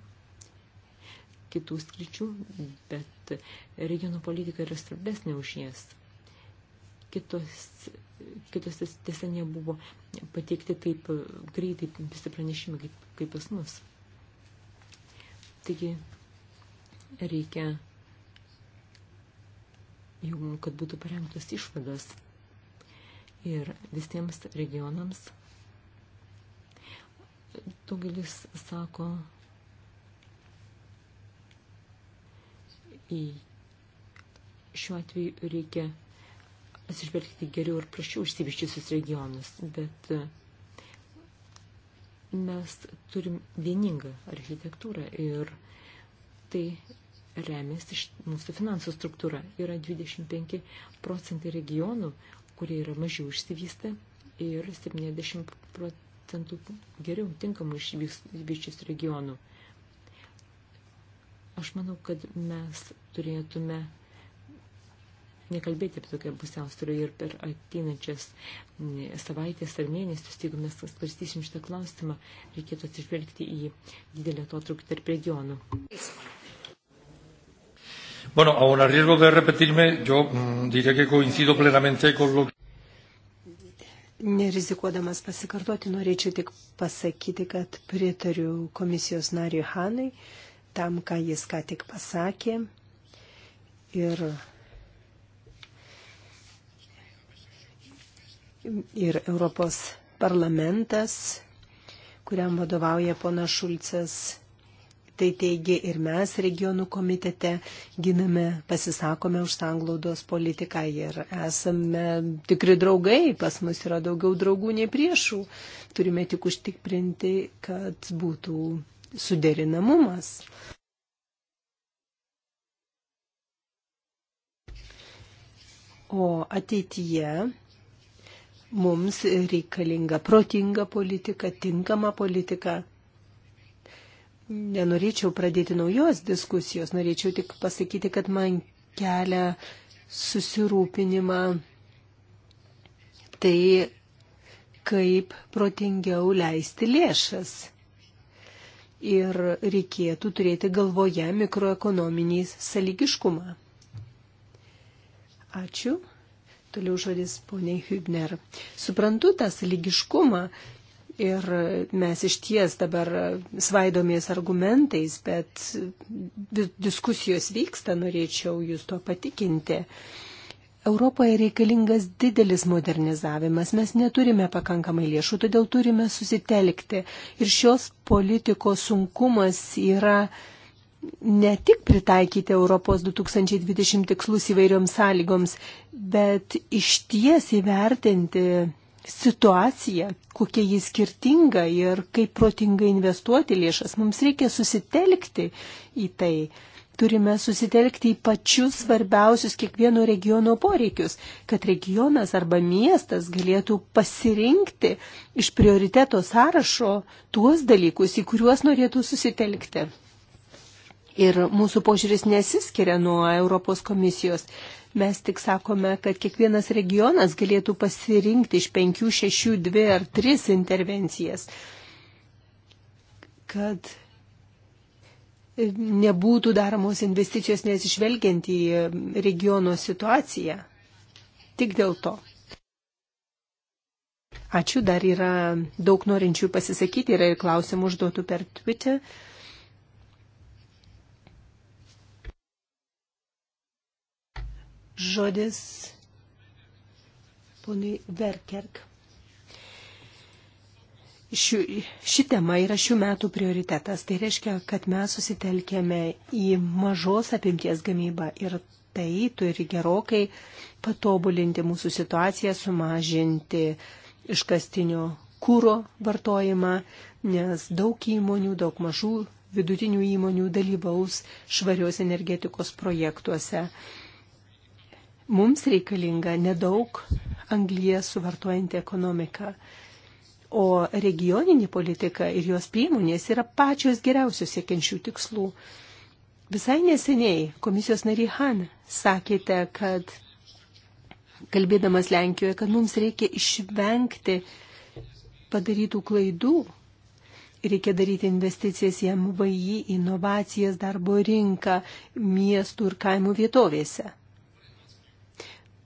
kitų skričių, bet regionų politika yra svarbesnė už jas. Kitos, kitose tiesa nebuvo pateikti taip greitai visi pranešimai kaip, kaip pas mus. Taigi reikia jau, kad būtų parengtos išvados ir visiems regionams. Daugelis sako, į šiuo atveju reikia atsižvelgti geriau ir prašiau išsivyščiusius regionus, bet e, mes turim vieningą architektūrą ir tai remiasi iš mūsų finansų struktūra. Yra 25 procentai regionų, kurie yra mažiau išsivystę ir 70 procentų geriau tinkamų išvyščius regionų. Aš manau, kad mes turėtume nekalbėti apie tokią pusiausvyrą ir per ateinančias savaitės ar mėnesius, jeigu mes svarstysim šitą klausimą, reikėtų atsižvelgti į didelę atotrukį tarp regionų. Eisma. Bueno, aun a riesgo de repetirme, yo mm, diré que coincido plenamente con lo que. Nerizikuodamas pasikartoti, norėčiau tik pasakyti, kad pritariu komisijos nariui Hanui tam, ką jis ką tik pasakė. Ir, ir Europos parlamentas, kuriam vadovauja pona Šulcas, tai teigia ir mes regionų komitete giname, pasisakome už sanglaudos politiką ir esame tikri draugai, pas mus yra daugiau draugų nei priešų. Turime tik užtikrinti, kad būtų suderinamumas. O ateityje mums reikalinga protinga politika, tinkama politika, nenorėčiau pradėti naujos diskusijos, norėčiau tik pasakyti, kad man kelia susirūpinimą tai, kaip protingiau leisti lėšas. Ir reikėtų turėti galvoje mikroekonominį saligiškumą. Ačiū. Toliau žodis poniai Hübner. Suprantu tą saligiškumą, Ir mes iš ties dabar svaidomės argumentais, bet diskusijos vyksta, norėčiau jūs tuo patikinti. Europoje reikalingas didelis modernizavimas, mes neturime pakankamai lėšų, todėl turime susitelkti. Ir šios politikos sunkumas yra ne tik pritaikyti Europos 2020 tikslus įvairioms sąlygoms, bet iš ties įvertinti situacija, kokia jis skirtinga ir kaip protingai investuoti lėšas. Mums reikia susitelkti į tai. Turime susitelkti į pačius svarbiausius kiekvieno regiono poreikius, kad regionas arba miestas galėtų pasirinkti iš prioriteto sąrašo tuos dalykus, į kuriuos norėtų susitelkti. Ir mūsų požiūris nesiskiria nuo Europos komisijos. Mes tik sakome, kad kiekvienas regionas galėtų pasirinkti iš penkių, šešių, dvi ar tris intervencijas, kad nebūtų daromos investicijos nesižvelgiant į regiono situaciją. Tik dėl to. Ačiū, dar yra daug norinčių pasisakyti, yra ir klausimų užduotų per Twitter. žodis ponui Verkerk. Ši, ši tema yra šių metų prioritetas. Tai reiškia, kad mes susitelkėme į mažos apimties gamybą ir tai turi gerokai patobulinti mūsų situaciją, sumažinti iškastinio kūro vartojimą, nes daug įmonių, daug mažų vidutinių įmonių dalyvaus švarios energetikos projektuose. Mums reikalinga nedaug angliją suvartojanti ekonomika. O regioninė politika ir jos priemonės yra pačios geriausios siekiančių tikslų. Visai neseniai komisijos nariai Han sakėte, kad kalbėdamas Lenkijoje, kad mums reikia išvengti padarytų klaidų. Reikia daryti investicijas į MVI, inovacijas, darbo rinką, miestų ir kaimų vietovėse.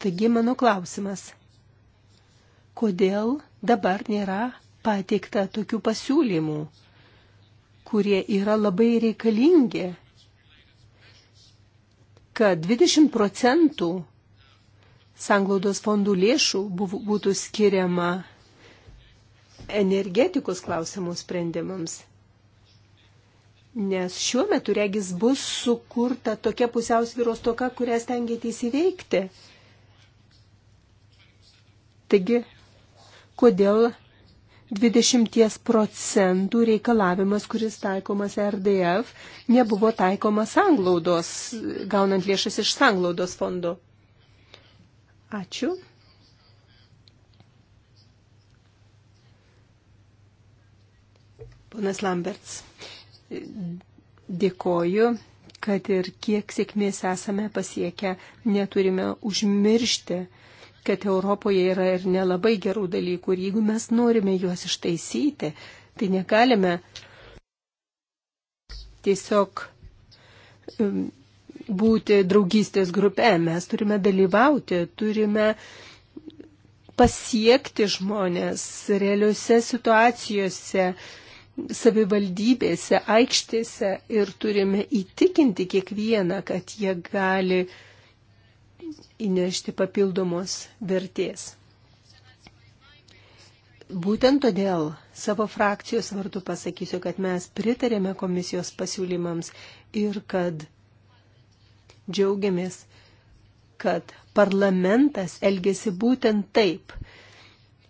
Taigi mano klausimas, kodėl dabar nėra pateikta tokių pasiūlymų, kurie yra labai reikalingi, kad 20 procentų sanglaudos fondų lėšų būtų skiriama energetikos klausimų sprendimams. Nes šiuo metu regis bus sukurta tokia pusiausvyros toka, kurią stengiate įsiveikti. Taigi, kodėl 20 procentų reikalavimas, kuris taikomas RDF, nebuvo taikomas sanglaudos, gaunant lėšas iš sanglaudos fondo? Ačiū. Ponas Lamberts, dėkoju, kad ir kiek sėkmės esame pasiekę, neturime užmiršti, kad Europoje yra ir nelabai gerų dalykų ir jeigu mes norime juos ištaisyti, tai negalime tiesiog būti draugystės grupė, mes turime dalyvauti, turime pasiekti žmonės realiuose situacijose, savivaldybėse, aikštėse ir turime įtikinti kiekvieną, kad jie gali uh, įnešti papildomos vertės. Būtent todėl savo frakcijos vardu pasakysiu, kad mes pritarėme komisijos pasiūlymams ir kad džiaugiamės, kad parlamentas elgėsi būtent taip.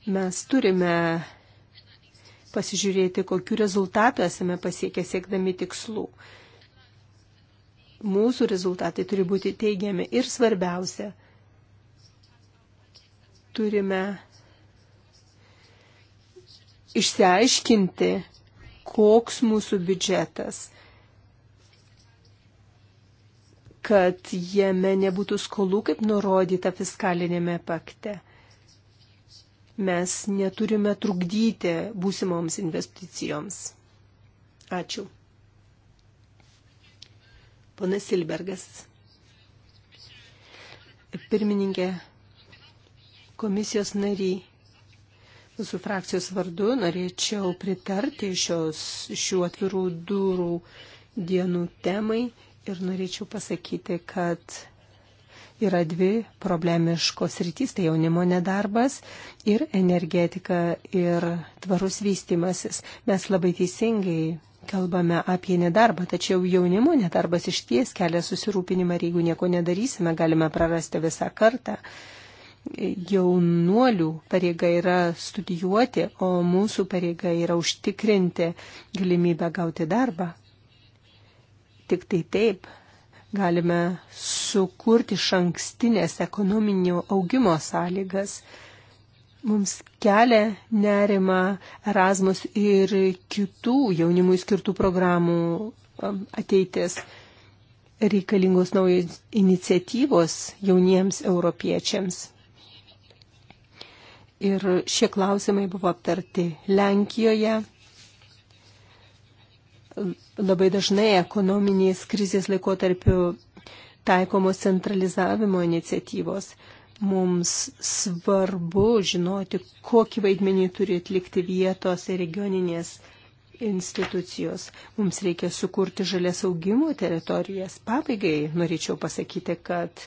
Mes turime pasižiūrėti, kokiu rezultatu esame pasiekę siekdami tikslų mūsų rezultatai turi būti teigiami. Ir svarbiausia, turime išsiaiškinti, koks mūsų biudžetas, kad jame nebūtų skolų, kaip nurodyta fiskalinėme pakte. Mes neturime trukdyti būsimoms investicijoms. Ačiū. Ponas Silbergas. Pirmininkė, komisijos nariai, Mūsų frakcijos vardu norėčiau pritarti šios, šių atvirų durų dienų temai ir norėčiau pasakyti, kad yra dvi problemiškos rytys - tai jaunimo nedarbas ir energetika ir tvarus vystimasis. Mes labai teisingai Kalbame apie nedarbą, tačiau jaunimo nedarbas iš ties kelia susirūpinimą ir jeigu nieko nedarysime, galime prarasti visą kartą. Jaunuolių pareiga yra studijuoti, o mūsų pareiga yra užtikrinti galimybę gauti darbą. Tik tai taip galime sukurti šankstinės ekonominio augimo sąlygas Mums kelia nerima Erasmus ir kitų jaunimui skirtų programų um, ateitis. Reikalingos naujos iniciatyvos jauniems europiečiams. Ir šie klausimai buvo aptarti Lenkijoje. Labai dažnai ekonominės krizės laikotarpiu taikomos centralizavimo iniciatyvos. Mums svarbu žinoti, kokį vaidmenį turi atlikti vietos ir regioninės institucijos. Mums reikia sukurti žalės augimo teritorijas. Pabaigai norėčiau pasakyti, kad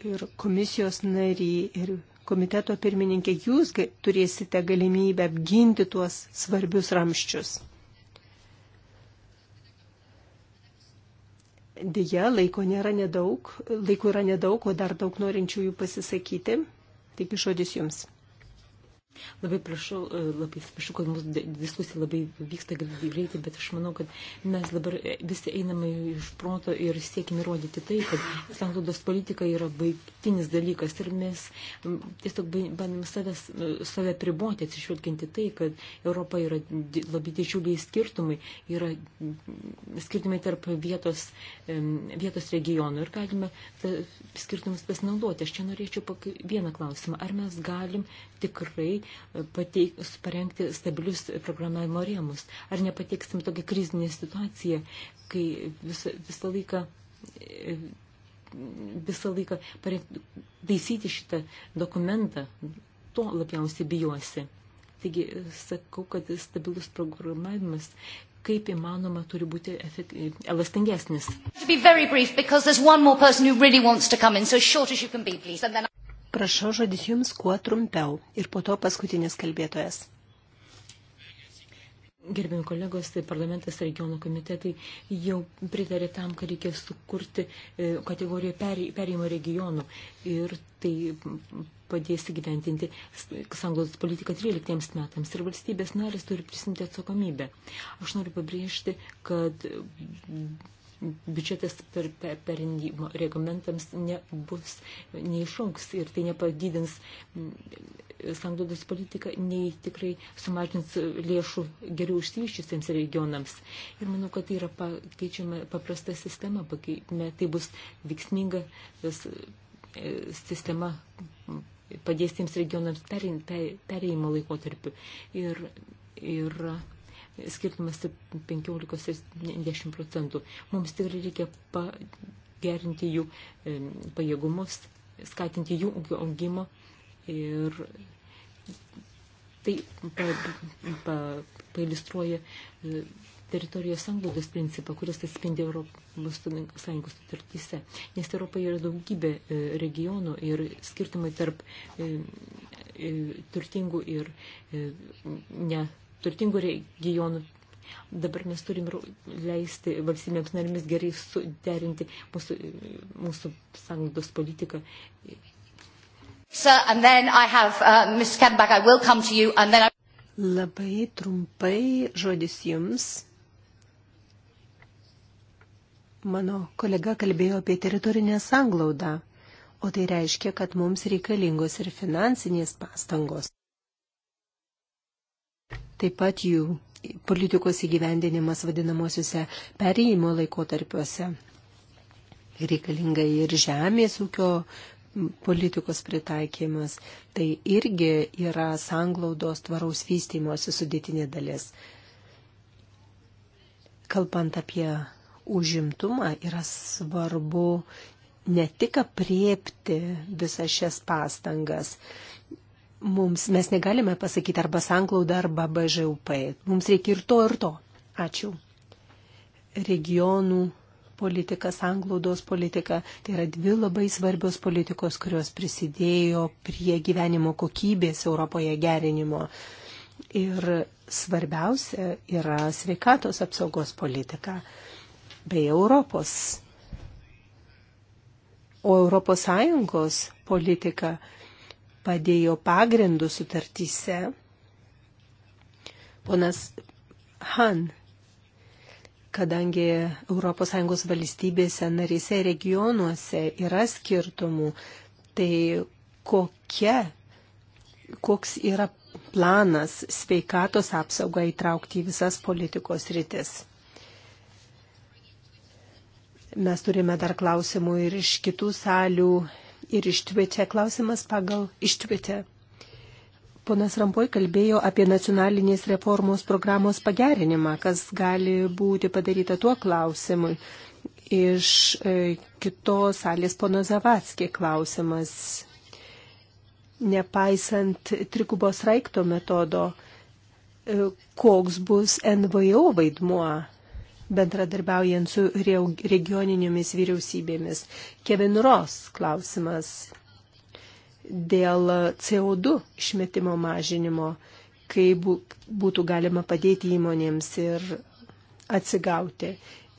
ir komisijos nariai, ir komiteto pirmininkė, jūs turėsite galimybę apginti tuos svarbius ramščius. Dėja, laiko nėra nedaug, laiko yra nedaug, o dar daug norinčiųjų pasisakyti. Taigi žodis jums. Labai prašau, e, labai atsiprašau, kad mūsų diskusija labai vyksta greitai, bet aš manau, kad mes dabar e, visi einame iš proto ir siekime rodyti tai, kad sanglaudos politika yra baigtinis dalykas ir mes tiesiog bandėm savęs, e, save priboti, atsižvelginti tai, kad Europa yra labai didžiuliai skirtumai, yra skirtumai tarp vietos, vietos regionų ir galime skirtumus pasinaudoti. Aš čia norėčiau vieną klausimą, ar mes galim tikrai pateiks, parengti stabilius programavimo rėmus. Ar nepateiksim tokią krizinę situaciją, kai vis, visą laiką visą laiką taisyti šitą dokumentą, to labiausiai bijosi. Taigi sakau, kad stabilus programavimas kaip įmanoma turi būti efekt... elastingesnis. Brief, really in, so be, then... Prašau žodis jums kuo trumpiau ir po to paskutinis kalbėtojas. Gerbėjim kolegos, tai parlamentas regionų komitetai jau pritarė tam, kad reikia sukurti e, kategoriją perėjimo regionų ir tai padės įgyventinti sanglaudos politiką 13 metams ir valstybės narės turi prisimti atsakomybę. Aš noriu pabrėžti, kad biudžetas per, per, per reglamentams nebus, neišauks ir tai nepadidins mm, sanglaudos politiką, nei tikrai sumažins lėšų geriau išsivyščiusiems regionams. Ir manau, kad tai yra pakeičiama paprasta sistema, pakeitime, tai bus veiksminga e, sistema padės tiems regionams perėjimo laikotarpiu. Ir, ir skirtumas 15 ir 10 procentų. Mums tikrai reikia pagerinti jų pajėgumus, skatinti jų augimo ir tai pailistruoja pa, pa e, teritorijos sanglaudos principą, kuris atspindi Europos Sąjungos sutartyse. Nes Europoje yra daugybė e, regionų ir skirtumai tarp e, turtingų ir ne turtingų regionų. Dabar mes turim leisti valstybėms narimis gerai suderinti mūsų, mūsų sąnaudos politiką. So, and then I have, uh, Ms. Kedbach, I will come to you, and then I... Labai trumpai žodis jums. Mano kolega kalbėjo apie teritorinę sanglaudą, o tai reiškia, kad mums reikalingos ir finansinės pastangos taip pat jų politikos įgyvendinimas vadinamosiuose perėjimo laikotarpiuose. Reikalinga ir žemės ūkio politikos pritaikymas. Tai irgi yra sanglaudos tvaraus vystymosi sudėtinė dalis. Kalbant apie užimtumą, yra svarbu ne tik apriepti visas šias pastangas, Mums mes negalime pasakyti arba sanklauda, arba BŽUP. Mums reikia ir to, ir to. Ačiū. Regionų politika, sanglaudos politika. Tai yra dvi labai svarbios politikos, kurios prisidėjo prie gyvenimo kokybės Europoje gerinimo. Ir svarbiausia yra sveikatos apsaugos politika bei Europos. O Europos Sąjungos politika padėjo pagrindų sutartyse ponas Han, kadangi ES valstybėse narėse regionuose yra skirtumų, tai kokia, koks yra planas sveikatos apsaugą įtraukti į visas politikos rytis. Mes turime dar klausimų ir iš kitų salių ir ištvitė. Klausimas pagal ištvitė. Ponas Rampoj kalbėjo apie nacionalinės reformos programos pagerinimą, kas gali būti padaryta tuo klausimui. Iš e, kitos salės pono Zavatskė klausimas. Nepaisant trikubos raikto metodo, e, koks bus NVO vaidmuo bendradarbiaujant su regioninėmis vyriausybėmis. Kevin Ross klausimas dėl CO2 išmetimo mažinimo, kaip būtų galima padėti įmonėms ir atsigauti.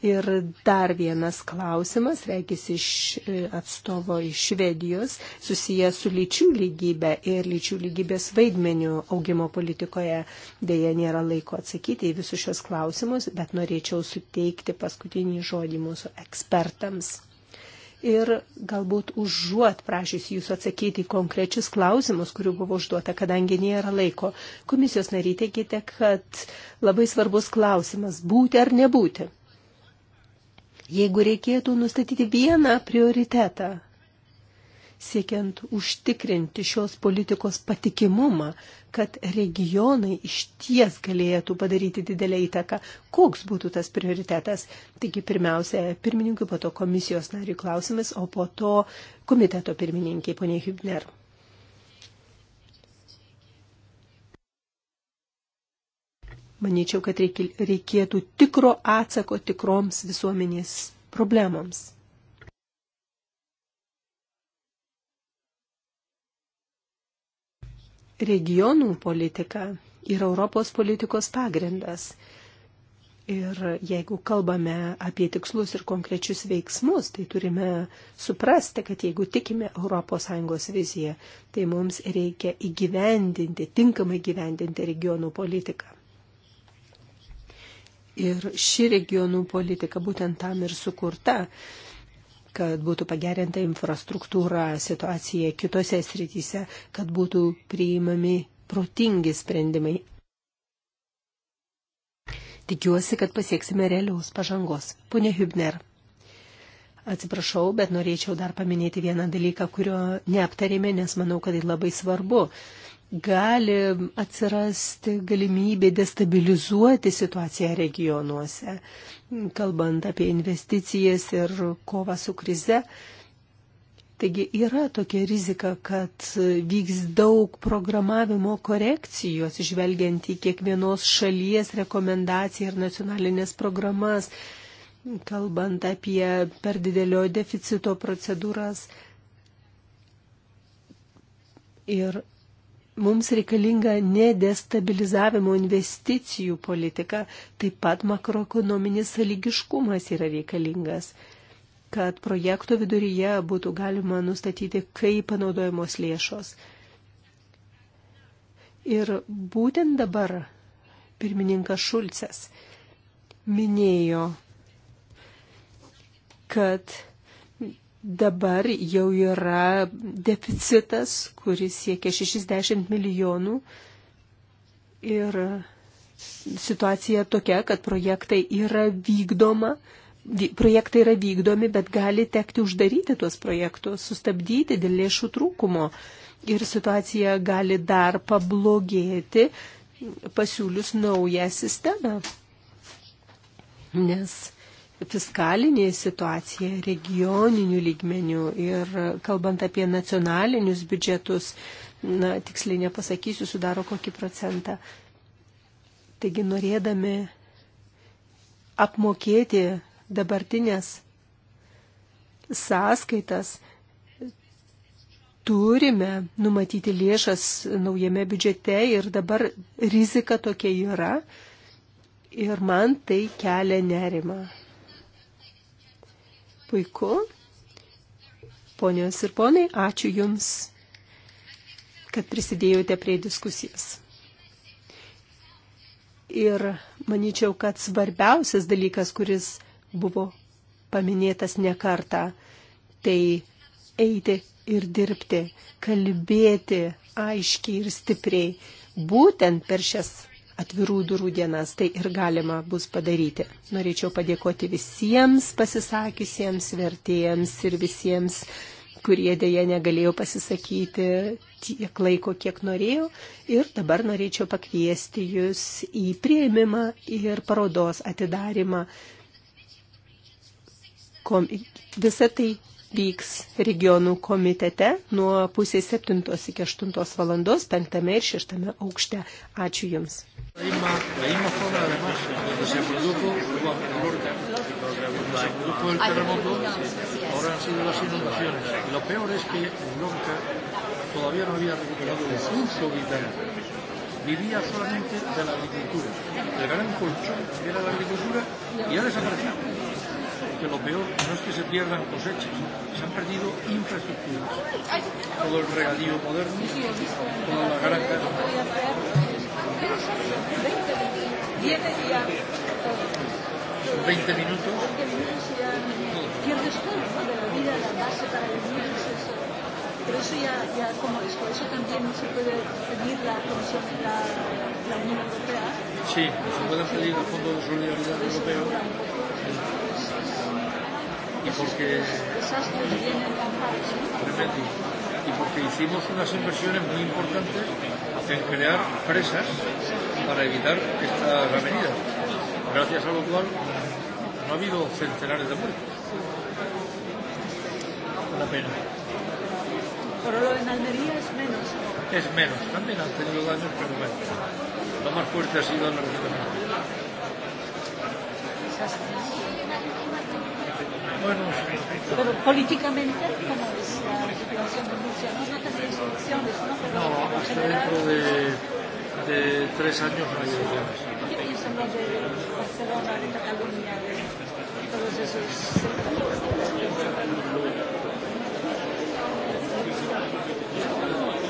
Ir dar vienas klausimas, reikis iš e, atstovo iš Švedijos, susijęs su lyčių lygybė ir lyčių lygybės vaidmeniu augimo politikoje. Deja, nėra laiko atsakyti į visus šios klausimus, bet norėčiau suteikti paskutinį žodį mūsų ekspertams. Ir galbūt užuot prašysiu jūsų atsakyti į konkrečius klausimus, kurių buvo užduota, kadangi nėra laiko, komisijos nariai teikite, kad labai svarbus klausimas - būti ar nebūti. Jeigu reikėtų nustatyti vieną prioritetą, siekiant užtikrinti šios politikos patikimumą, kad regionai iš ties galėtų padaryti didelę įtaką. Koks būtų tas prioritetas? Taigi pirmiausia, pirmininkui, po to komisijos nariui klausimas, o po to komiteto pirmininkiai, ponė Hübner. Manyčiau, kad reikėtų tikro atsako tikroms visuomenės problemoms. Regionų politika yra Europos politikos pagrindas. Ir jeigu kalbame apie tikslus ir konkrečius veiksmus, tai turime suprasti, kad jeigu tikime ES viziją, tai mums reikia įgyvendinti, tinkamai įgyvendinti regionų politiką. Ir ši regionų politika būtent tam ir sukurta kad būtų pagerinta infrastruktūra, situacija kitose srityse, kad būtų priimami protingi sprendimai. Tikiuosi, kad pasieksime realiaus pažangos. Pone Hübner. Atsiprašau, bet norėčiau dar paminėti vieną dalyką, kurio neaptarėme, nes manau, kad tai labai svarbu gali atsirasti galimybė destabilizuoti situaciją regionuose, kalbant apie investicijas ir kovą su krize. Taigi yra tokia rizika, kad vyks daug programavimo korekcijų, atsižvelgiant į kiekvienos šalies rekomendaciją ir nacionalinės programas, kalbant apie per didelio deficito procedūras. Ir mums reikalinga nedestabilizavimo investicijų politika, taip pat makroekonominis sąlygiškumas yra reikalingas, kad projekto viduryje būtų galima nustatyti, kaip panaudojamos lėšos. Ir būtent dabar pirmininkas Šulcas minėjo, kad dabar jau yra deficitas, kuris siekia 60 milijonų. Ir situacija tokia, kad projektai yra vykdoma, projektai yra vykdomi, bet gali tekti uždaryti tuos projektus, sustabdyti dėl lėšų trūkumo. Ir situacija gali dar pablogėti pasiūlius naują sistemą. Nes fiskalinį situaciją regioninių lygmenių ir kalbant apie nacionalinius biudžetus, na, tiksliai nepasakysiu, sudaro kokį procentą. Taigi norėdami apmokėti dabartinės sąskaitas, turime numatyti lėšas naujame biudžete ir dabar rizika tokia yra ir man tai kelia nerima. Puiku. Ponios ir ponai, ačiū Jums, kad prisidėjote prie diskusijas. Ir manyčiau, kad svarbiausias dalykas, kuris buvo paminėtas ne kartą, tai eiti ir dirbti, kalbėti aiškiai ir stipriai. Būtent per šias atvirų durų dienas, tai ir galima bus padaryti. Norėčiau padėkoti visiems pasisakysiems, vertėjams ir visiems, kurie dėja negalėjo pasisakyti tiek laiko, kiek norėjau. Ir dabar norėčiau pakviesti jūs į prieimimą ir parodos atidarimą. Kom... Visą tai vyks regionų komitete nuo pusės septintos iki aštuntos valandos penktame ir šeštame aukšte. Ačiū Jums. La misma, la misma zona, además, donde se produjo, en Lorca, donde se produjo el terremoto, ahora han sido las inundaciones. Y lo peor es que en Lorca todavía no había recuperado el pulso vital. Vivía solamente de la agricultura. El gran colchón era la agricultura y ha desaparecido. Porque lo peor no es que se pierdan cosechas, se han perdido infraestructuras. Todo el regadío moderno, toda la granja. Diez sería. 20 minutos. 20 minutos ya pierdes todo, ¿no? De la vida, la base para vivir es eso. Pero eso ya, ya como es, por eso también se puede pedir la Comisión, la, la Unión Europea. Sí, se puede pedir el Fondo de Solidaridad Europeo. Y porque. Desastres vienen tan raros, ¿no? Tremendo. Y porque hicimos unas inversiones muy importantes en generar presas para evitar estas avenidas, gracias a lo cual no ha habido centenares de muertos. Una pena. Pero lo en Almería es menos. Es menos, también han tenido daños, pero menos. Lo más fuerte ha sido en la región. Bueno, sí. Pero políticamente, ¿cómo es la situación de Rusia? No, no tenéis elecciones, ¿no? Pero no, hasta general... dentro de, de tres años no hay elecciones. ¿Qué piensan los de Barcelona, de Cataluña, de todos esos sectores?